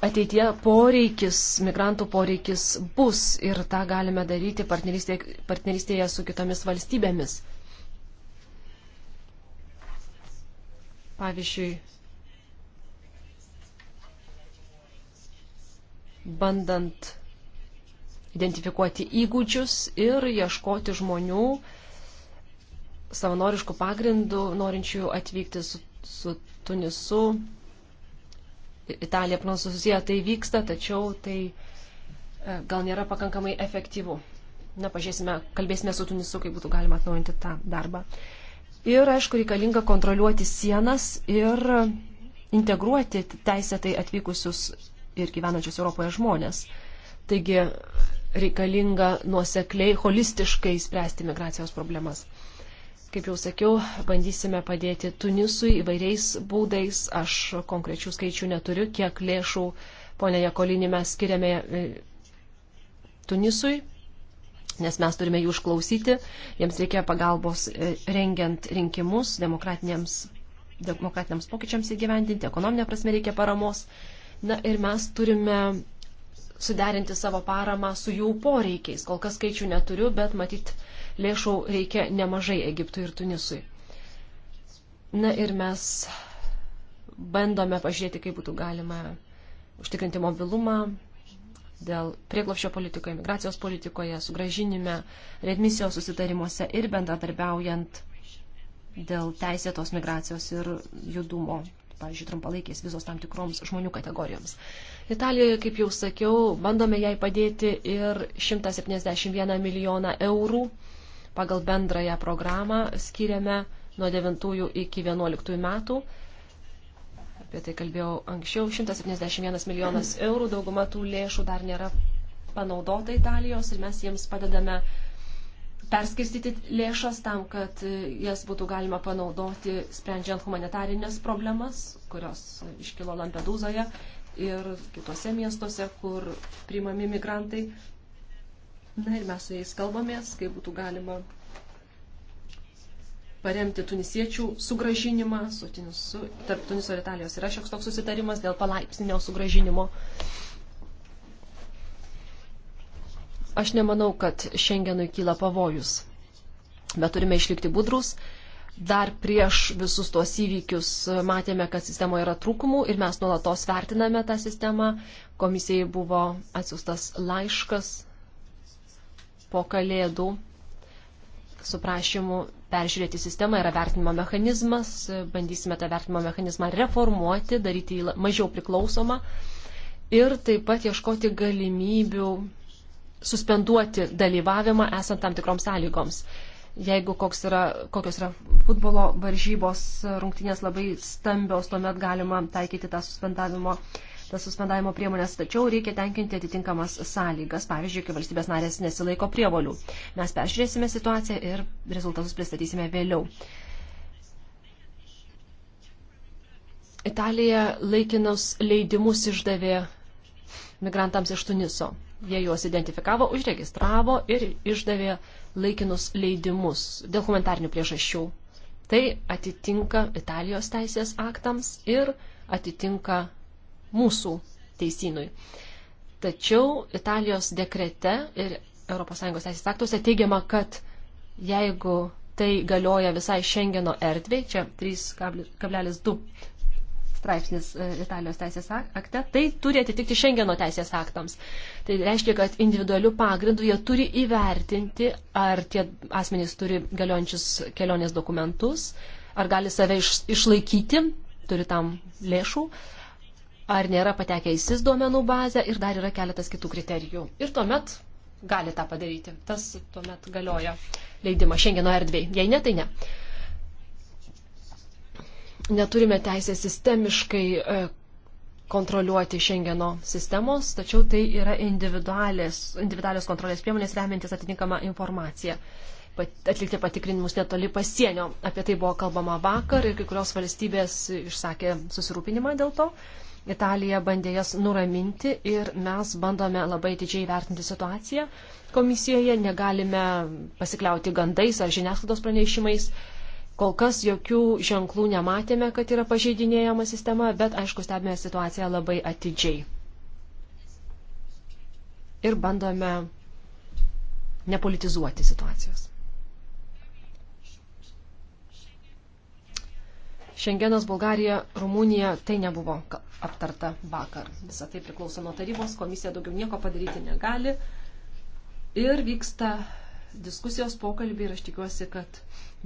Ateitie poreikis, migrantų poreikis bus ir tą galime daryti partnerystėje, partnerystėje su kitomis valstybėmis. Pavyzdžiui, bandant identifikuoti įgūdžius ir ieškoti žmonių savanoriškų pagrindų, norinčių atvykti su, su Tunisu. Italija, Prancūzija tai vyksta, tačiau tai e, gal nėra pakankamai efektyvu. Na, pažiūrėsime, kalbėsime su Tunisu, kaip būtų galima atnaujinti tą darbą. Ir, aišku, reikalinga kontroliuoti sienas ir integruoti teisėtai atvykusius ir gyvenančius Europoje žmonės. Taigi reikalinga nuosekliai, holistiškai spręsti migracijos problemas. Kaip jau sakiau, bandysime padėti Tunisui įvairiais būdais. Aš konkrečių skaičių neturiu, kiek lėšų, ponė Jekolinė, mes skiriame e, Tunisui, nes mes turime jų išklausyti, jiems reikėjo pagalbos e, rengiant rinkimus, demokratiniams, demokratiniams pokyčiams įgyvendinti, ekonominė prasme reikia paramos. Na ir mes turime suderinti savo paramą su jų poreikiais. Kol kas skaičių neturiu, bet matyt, lėšų reikia nemažai Egiptui ir Tunisui. Na ir mes bandome pažiūrėti, kaip būtų galima užtikrinti mobilumą, dėl prieglopščio politikoje, migracijos politikoje, sugražinime, redmisijos susitarimuose ir bendradarbiaujant dėl teisėtos migracijos ir judumo, pavyzdžiui, trumpalaikės vizos tam tikroms žmonių kategorijoms. Italijoje, kaip jau sakiau, bandome jai padėti ir 171 milijoną eurų pagal bendrąją programą skiriame nuo 9 iki 11 metų apie tai kalbėjau anksčiau, 171 milijonas eurų, dauguma tų lėšų dar nėra panaudota Italijos ir mes jiems padedame perskirstyti lėšas tam, kad e, jas būtų galima panaudoti sprendžiant humanitarinės problemas, kurios iškilo Lampedūzoje ir kitose miestuose, kur primami migrantai. Na ir mes su jais kalbamės, kaip būtų galima paremti tunisiečių sugražinimą, su Tunisu, tarp Tuniso ir Italijos yra šioks toks susitarimas dėl palaipsninio sugražinimo. Aš nemanau, kad šiandienui kyla pavojus, bet turime išlikti budrus. Dar prieš visus tuos įvykius matėme, kad sistemoje yra trūkumų ir mes nuolatos vertiname tą sistemą. Komisijai buvo atsiustas laiškas po kalėdų su prašymu peržiūrėti sistemą, yra vertinimo mechanizmas, bandysime tą vertinimo mechanizmą reformuoti, daryti jį mažiau priklausomą ir taip pat ieškoti galimybių suspenduoti dalyvavimą esant tam tikroms sąlygoms. Jeigu yra, kokios yra futbolo varžybos, rungtynės labai stambios, tuomet galima taikyti tą suspendavimo mechanizmą tas suspendavimo priemonės, tačiau reikia tenkinti atitinkamas sąlygas, pavyzdžiui, kai valstybės narės nesilaiko prievolių. Mes peržiūrėsime situaciją ir rezultatus pristatysime vėliau. Italija laikinus leidimus išdavė migrantams iš Tuniso. Jie juos identifikavo, užregistravo ir išdavė laikinus leidimus dėl humanitarnių priežasčių. Tai atitinka Italijos teisės aktams ir atitinka mūsų teisinui. Tačiau Italijos dekrete ir ES teisės aktuose teigiama, kad jeigu tai galioja visai Šengeno erdvėj, čia 3,2 straipsnis e, Italijos teisės akte, tai turi atitikti Šengeno teisės aktams. Tai reiškia, kad individualių pagrindų jie turi įvertinti, ar tie asmenys turi galiojančius kelionės dokumentus, ar gali save iš, išlaikyti, turi tam lėšų, uh, ar nėra patekę į SIS duomenų bazę ir dar yra keletas kitų kriterijų. Ir tuomet gali tą padaryti. Tas tuomet galioja leidimas Šengeno erdvėj. Jei ne, tai ne. Neturime teisę sistemiškai e, kontroliuoti Šengeno sistemos, tačiau tai yra individualios kontrolės priemonės remiantis atitinkamą informaciją. Uh, atlikti patikrinimus netoli pasienio. Apie tai buvo kalbama vakar ir kai kurios valstybės išsakė susirūpinimą dėl to. Italija bandė jas nuraminti ir mes bandome labai didžiai vertinti situaciją. Komisijoje negalime pasikliauti gandais ar žiniasklaidos pranešimais. Kol kas jokių ženklų nematėme, kad yra pažeidinėjama sistema, bet aišku, stebime situaciją labai atidžiai. Ir bandome nepolitizuoti situacijos. Šengenas, Bulgarija, Rumunija, tai nebuvo aptarta vakar. Visą tai priklauso nuo tarybos, komisija daugiau nieko padaryti negali. Ir vyksta diskusijos pokalbiai ir aš tikiuosi, kad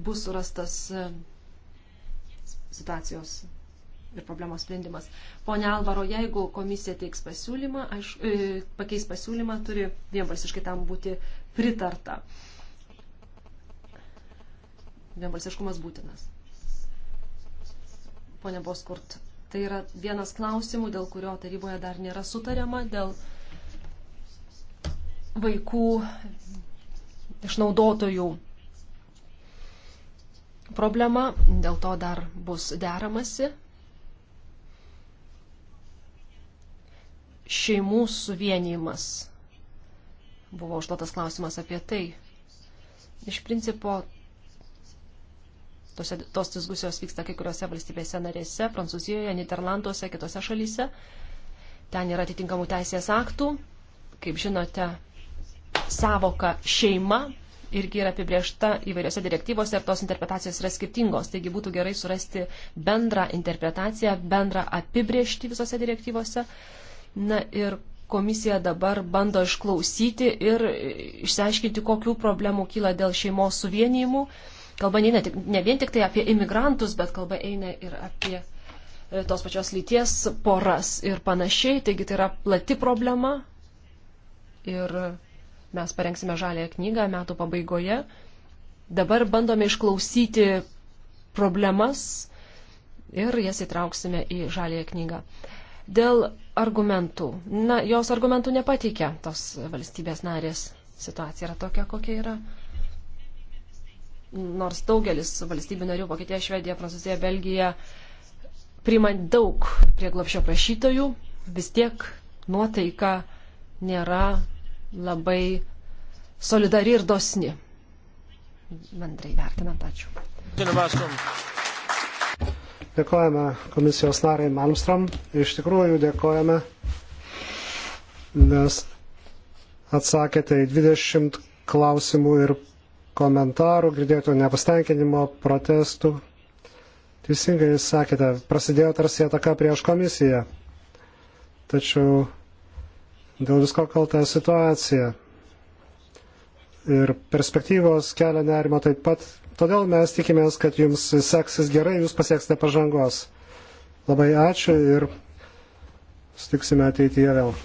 bus surastas e, situacijos ir problemos sprendimas. Pone Alvaro, jeigu komisija teiks pasiūlymą, aš, e, pakeis pasiūlymą, turi vienbalsiškai tam būti pritarta. Vienbalsiškumas būtinas ponė Boskurt. Tai yra vienas klausimų, dėl kurio taryboje dar nėra sutariama, dėl vaikų išnaudotojų problema, dėl to dar bus deramasi. Šeimų suvienimas. Buvo užduotas klausimas apie tai. Iš principo Tose, tos diskusijos vyksta kai kuriuose valstybėse narėse, Prancūzijoje, Niderlanduose, kitose šalyse. Ten yra atitinkamų teisės aktų. Kaip žinote, savoka šeima irgi yra apibriešta įvairiose direktyvose ir tos interpretacijos yra skirtingos. Taigi būtų gerai surasti bendrą interpretaciją, bendrą apibriešti visose direktyvose. Na ir komisija dabar bando išklausyti ir išsiaiškinti, kokių problemų kyla dėl šeimos suvienijimų. Uh, kalba neina tik, ne vien tik tai apie imigrantus, bet kalba eina ir apie e, tos pačios lyties poras ir panašiai. Taigi tai yra plati problema ir mes parengsime žalę knygą metų pabaigoje. Dabar bandome išklausyti problemas ir jas įtrauksime į žalę knygą. Dėl argumentų. Na, jos argumentų nepateikia tos valstybės narės. Situacija yra tokia, kokia yra nors daugelis valstybių narių, Vokietija, Švedija, Prancūzija, Belgija, priima daug prieglopšio prašytojų, vis tiek nuotaika nėra labai solidari ir dosni. Bendrai vertinant, ačiū. Dėkojame komisijos nariai Malmstrom. Iš tikrųjų dėkojame, nes atsakėte į 20 klausimų ir komentarų, girdėjote nepastenkinimo, protestų. Teisingai jūs sakėte, prasidėjo tarsi ataka prieš komisiją. Tačiau dėl visko kalta situacija. Ir perspektyvos kelia nerimo taip pat. Todėl mes tikimės, kad jums seksis gerai, jūs pasieksite pažangos. Labai ačiū ir sutiksime ateityje vėl.